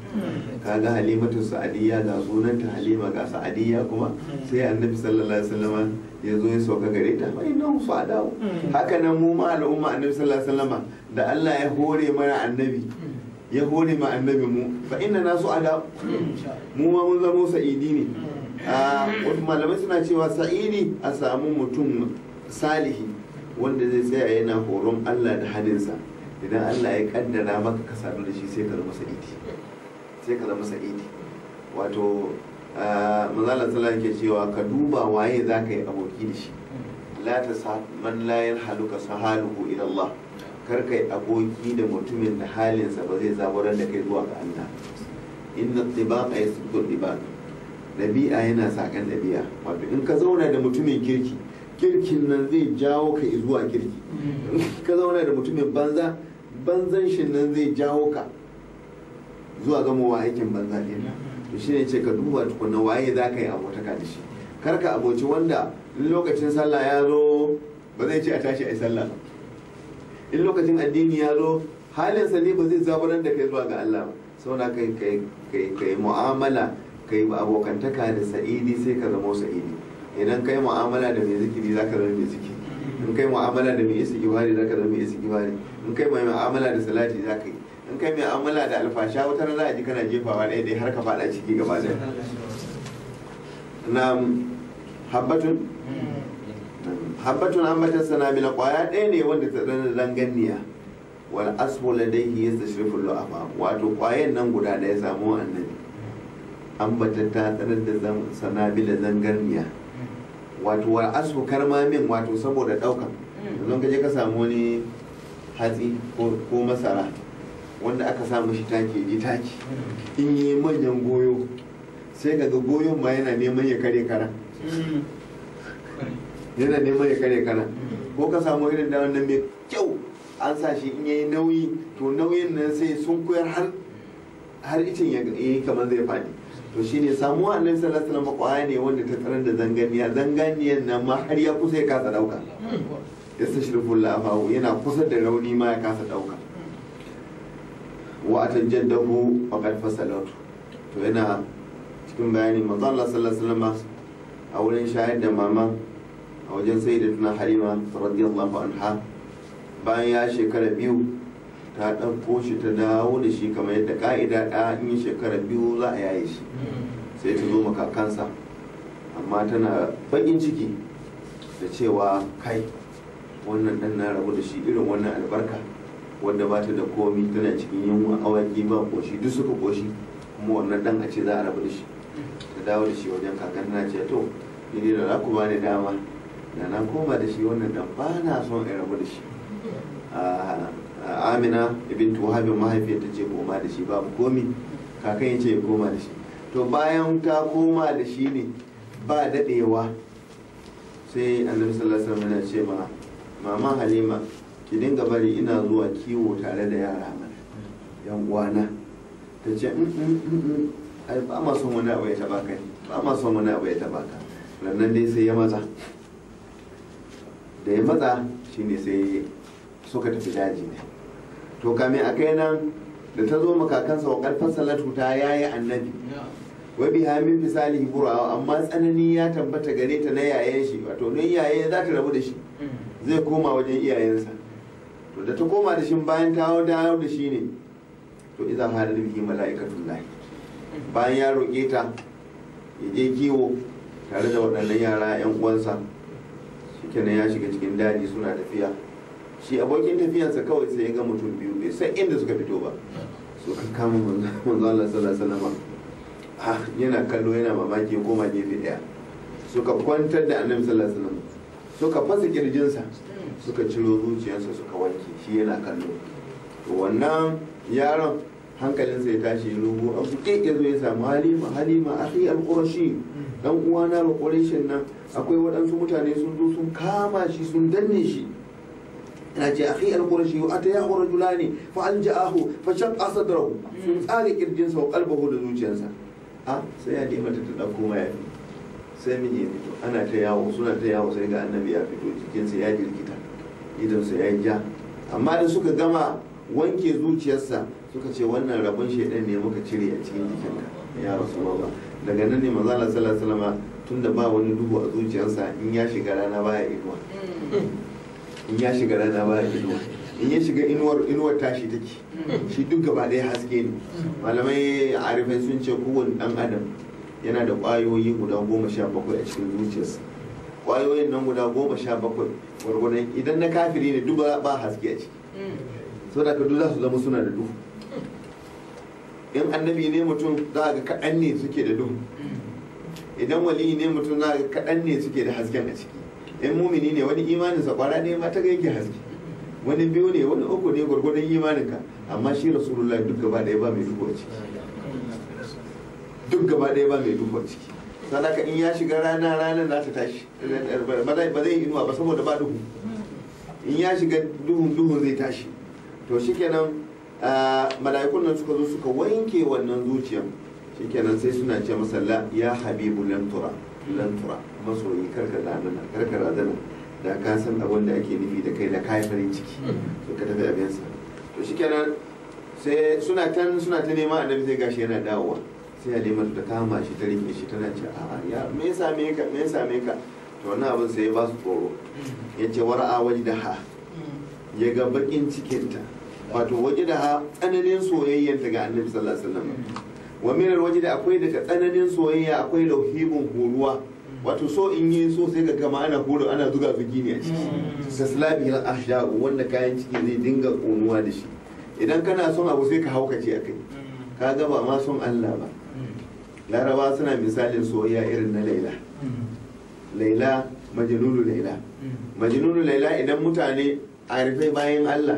ka ga halimatu sa'adiyya ga sunanta halima ga sa'adiyya kuma sai annabi sallallahu alaihi wasallam ya zo ya sauka gare ta mai nan fada haka nan mu ma al'umma annabi sallallahu alaihi wasallam da Allah ya hore mana annabi ya hore ma annabi mu fa inna na su ada mu ma mun zamo sa'idi ne a wasu malamai suna cewa sa'idi a samu mutum salihi wanda zai tsaya yana horon Allah da hadinsa idan Allah ya kaddara maka ka sadu da shi sai ka zama sa'idi sai ka zama sa'idi wato Eh, manzala sallah yake cewa ka duba waye za ka yi aboki da shi la ta sa man la sa sahaluhu ila Allah kar kai aboki da mutumin da halinsa ba zai zaburar da kai zuwa ga Allah inna tibaqa yasbiqu tibaq dabi'a yana sakan dabi'a wato in ka zauna da mutumin kirki kirkin nan zai jawo ka zuwa kirki ka zauna da mutumin banza banzan shi nan zai jawo ka zuwa gamowa aikin banza ɗin to shine ce ka duba tukuna waye za ka yi abotaka da shi kar ka aboci wanda in lokacin sallah ya zo ba zai ce a tashi a yi sallah in lokacin addini ya zo halin sani ba zai zaburar da kai zuwa ga Allah ba saboda kai kai mu'amala kai abokantaka da sa'idi sai ka zama sa'idi idan kai mu'amala da mai zikiri za ka zama mai zikiri in kai mu'amala da mai istighfari za ka zama mai istighfari in kai mu'amala da salati za ka yi kai mai amala da alfasha wata rana za a ji kana jefawa ɗaya dai har ka faɗa ciki gaba da na habbatun habbatun an mata sana mila kwaya ɗaya ne wanda ta ɗan zanganniya wal asbu ladaihi yastashrifu lo'afa wato kwayan nan guda ɗaya samu annabi an bata ta tsanar da sanabila zangarniya wato wal asbu min wato saboda ɗaukan yanzu ka je ka samu wani hatsi ko masara wanda aka sa mashi take yi take in yi manyan goyo sai ga goyon ma yana neman ya kare kara yana neman ya kare kara ko ka samu irin da wannan mai kyau an sa shi in yi nauyi to nauyin nan sai sun koyar har har icin ya yi kamar zai faɗi to shine samuwa annabi sallallahu alaihi na makwaya ne wanda ta tsarar da zanganiya zanganiyan nan ma har ya kusa ya kasa dauka hmm. yastashrifu Allah yana kusa da rauni ma ya kasa ɗauka. wa'atan jaddahu wa qad salatu to yana cikin bayani manzo Allah sallallahu alaihi a wurin shayar da mama a wajen sayyidatuna Halima radiyallahu anha bayan ya shekara biyu ta ɗauko shi ta dawo da shi kamar yadda ka'ida ɗa in shekara biyu za a yaye shi sai ta zo makakansa amma tana baƙin ciki da cewa kai wannan dan na rabu da shi irin wannan albarka Wanda ba ta da komi tana cikin yunwa awaki ba koshi duk suka koshi kuma wannan dan a ce za a rabu da shi ta dawo da shi wajen kakan na ce to ni da za ku bani dama da na koma da shi wannan dan ba na son in rabu da shi amina ibn tuhabin mahaifiyar ta ce koma da shi babu komi kakan ya ce ya koma da shi to bayan ta koma da shi ne ba daɗewa sai annabi sallallahu alaihi wasallam ya ce ma mama halima ki dinga bari ina zuwa kiwo tare da yara mana yan uwana ta ce mm, mm, mm, ai ba ma son wani abu ya taba kai ba ma son wani abu ya taba ka rannan dai sai ya maza da ya maza shine sai suka tafi daji ne to kamin a kai nan da ta zo makakansa wa karfar salatu ta yayi annabi wa biha min misali burawa amma tsanani ya tabbata gare ta na yayen shi wato don yaye za ta rabu da shi zai koma wajen iyayensa to da ta koma da shi bayan ta hau da da shi ne to iza halin bihi mala'ikatun lahi bayan ya roƙe ta ya je kiwo tare da waɗannan yara 'yan uwansa shikenan ya shiga cikin daji suna tafiya shi abokin tafiyansa kawai sai ya ga mutum biyu bai san inda suka fito ba su kan kama manzo Allah sallallahu alaihi ah yana kallo yana mamaki ya koma gefe daya suka kwantar da annabi sallallahu alaihi wasallam suka fasa kirjinsa suka ciro zuciyarsa suka wanke shi yana kallo to wannan yaron hankalinsa ya tashi ya rubu a kuke ya zo ya samu halima halima a al alƙurashi. dan uwana al-qurashin nan akwai waɗansu mutane sun zo sun kama shi sun danne shi ina ce akhi al-qurashi wa atayahu ne fa alja'ahu fa shaqqa sadrahu sun tsare kirjinsa wa qalbahu da zuciyarsa a sai ya mata ta dauko mai sai miji ya fito ana ta yawo suna ta yawo sai ga annabi ya fito jikinsa ya jirkita idansu ya yi ja amma da suka gama wanke zuciyarsa suka ce wannan rabon shaidan ne muka cire a cikin jikinka ya rasu ba daga nan ne maza Allah sallallahu alaihi wasallam tunda ba wani duhu a zuciyarsa in ya shiga rana baya inuwa in ya shiga rana baya inuwa in ya shiga inuwar inuwar tashi take shi duk gaba ɗaya haske ne malamai arifai sun ce kowane dan adam yana da kwayoyi guda goma sha bakwai a cikin zuciyarsa kwayoyin nan guda goma sha bakwai gwargwadon idan na kafiri ne duk ba haske a ciki mm. so da duk za su zama suna da duhu in annabi ne mutum za ga kaɗan ne suke da duhu mm. idan wali ne mutum za ga kaɗan ne suke da hasken a ciki in mumini ne wani imaninsa kwara ne ma ta ga yake haske wani biyu ne wani uku ne gwargwadon imaninka amma shi rasulullah duk gaba ɗaya ba mai duhu a ciki duk gaba ɗaya ba mai duhu a ciki sadaka in ya shiga rana ranar za ta tashi ba zai inuwa ba saboda ba duhu in ya shiga duhun duhun zai tashi to shikenan mala'ikun nan suka zo suka wanke wannan zuciyar shikenan sai suna ce masa ya habibu lantura lantura masoyi karka razana karka razana da ka san abin da ake nufi da kai da kayi farin ciki to ka tafi abinsa to shikenan sai suna tan suna ta nema annabi sai gashi yana dawowa sai halimatu ta kama shi ta rike shi tana ce a ya me ya same ka me ya same ka to wannan abin sai ya ba su tsoro ya ce wara a waje da ha ya ga bakin cikinta wato waje da ha tsananin ta ga annabi sallallahu alaihi wasallam wa minar waje da akwai daga tsananin soyayya akwai lauhibun huruwa wato so in yi so sai ga kama ana huru ana zuga zugi ne a ciki ta slabi al wanda kayan ciki zai dinga konuwa da shi idan kana son abu sai ka haukace a kai ka gaba ma son Allah ba laraba suna misalin soyayya irin na laila mm-hmm. laila majinunu laila mm-hmm. majinunu laila idan mutane a rufe bayan allah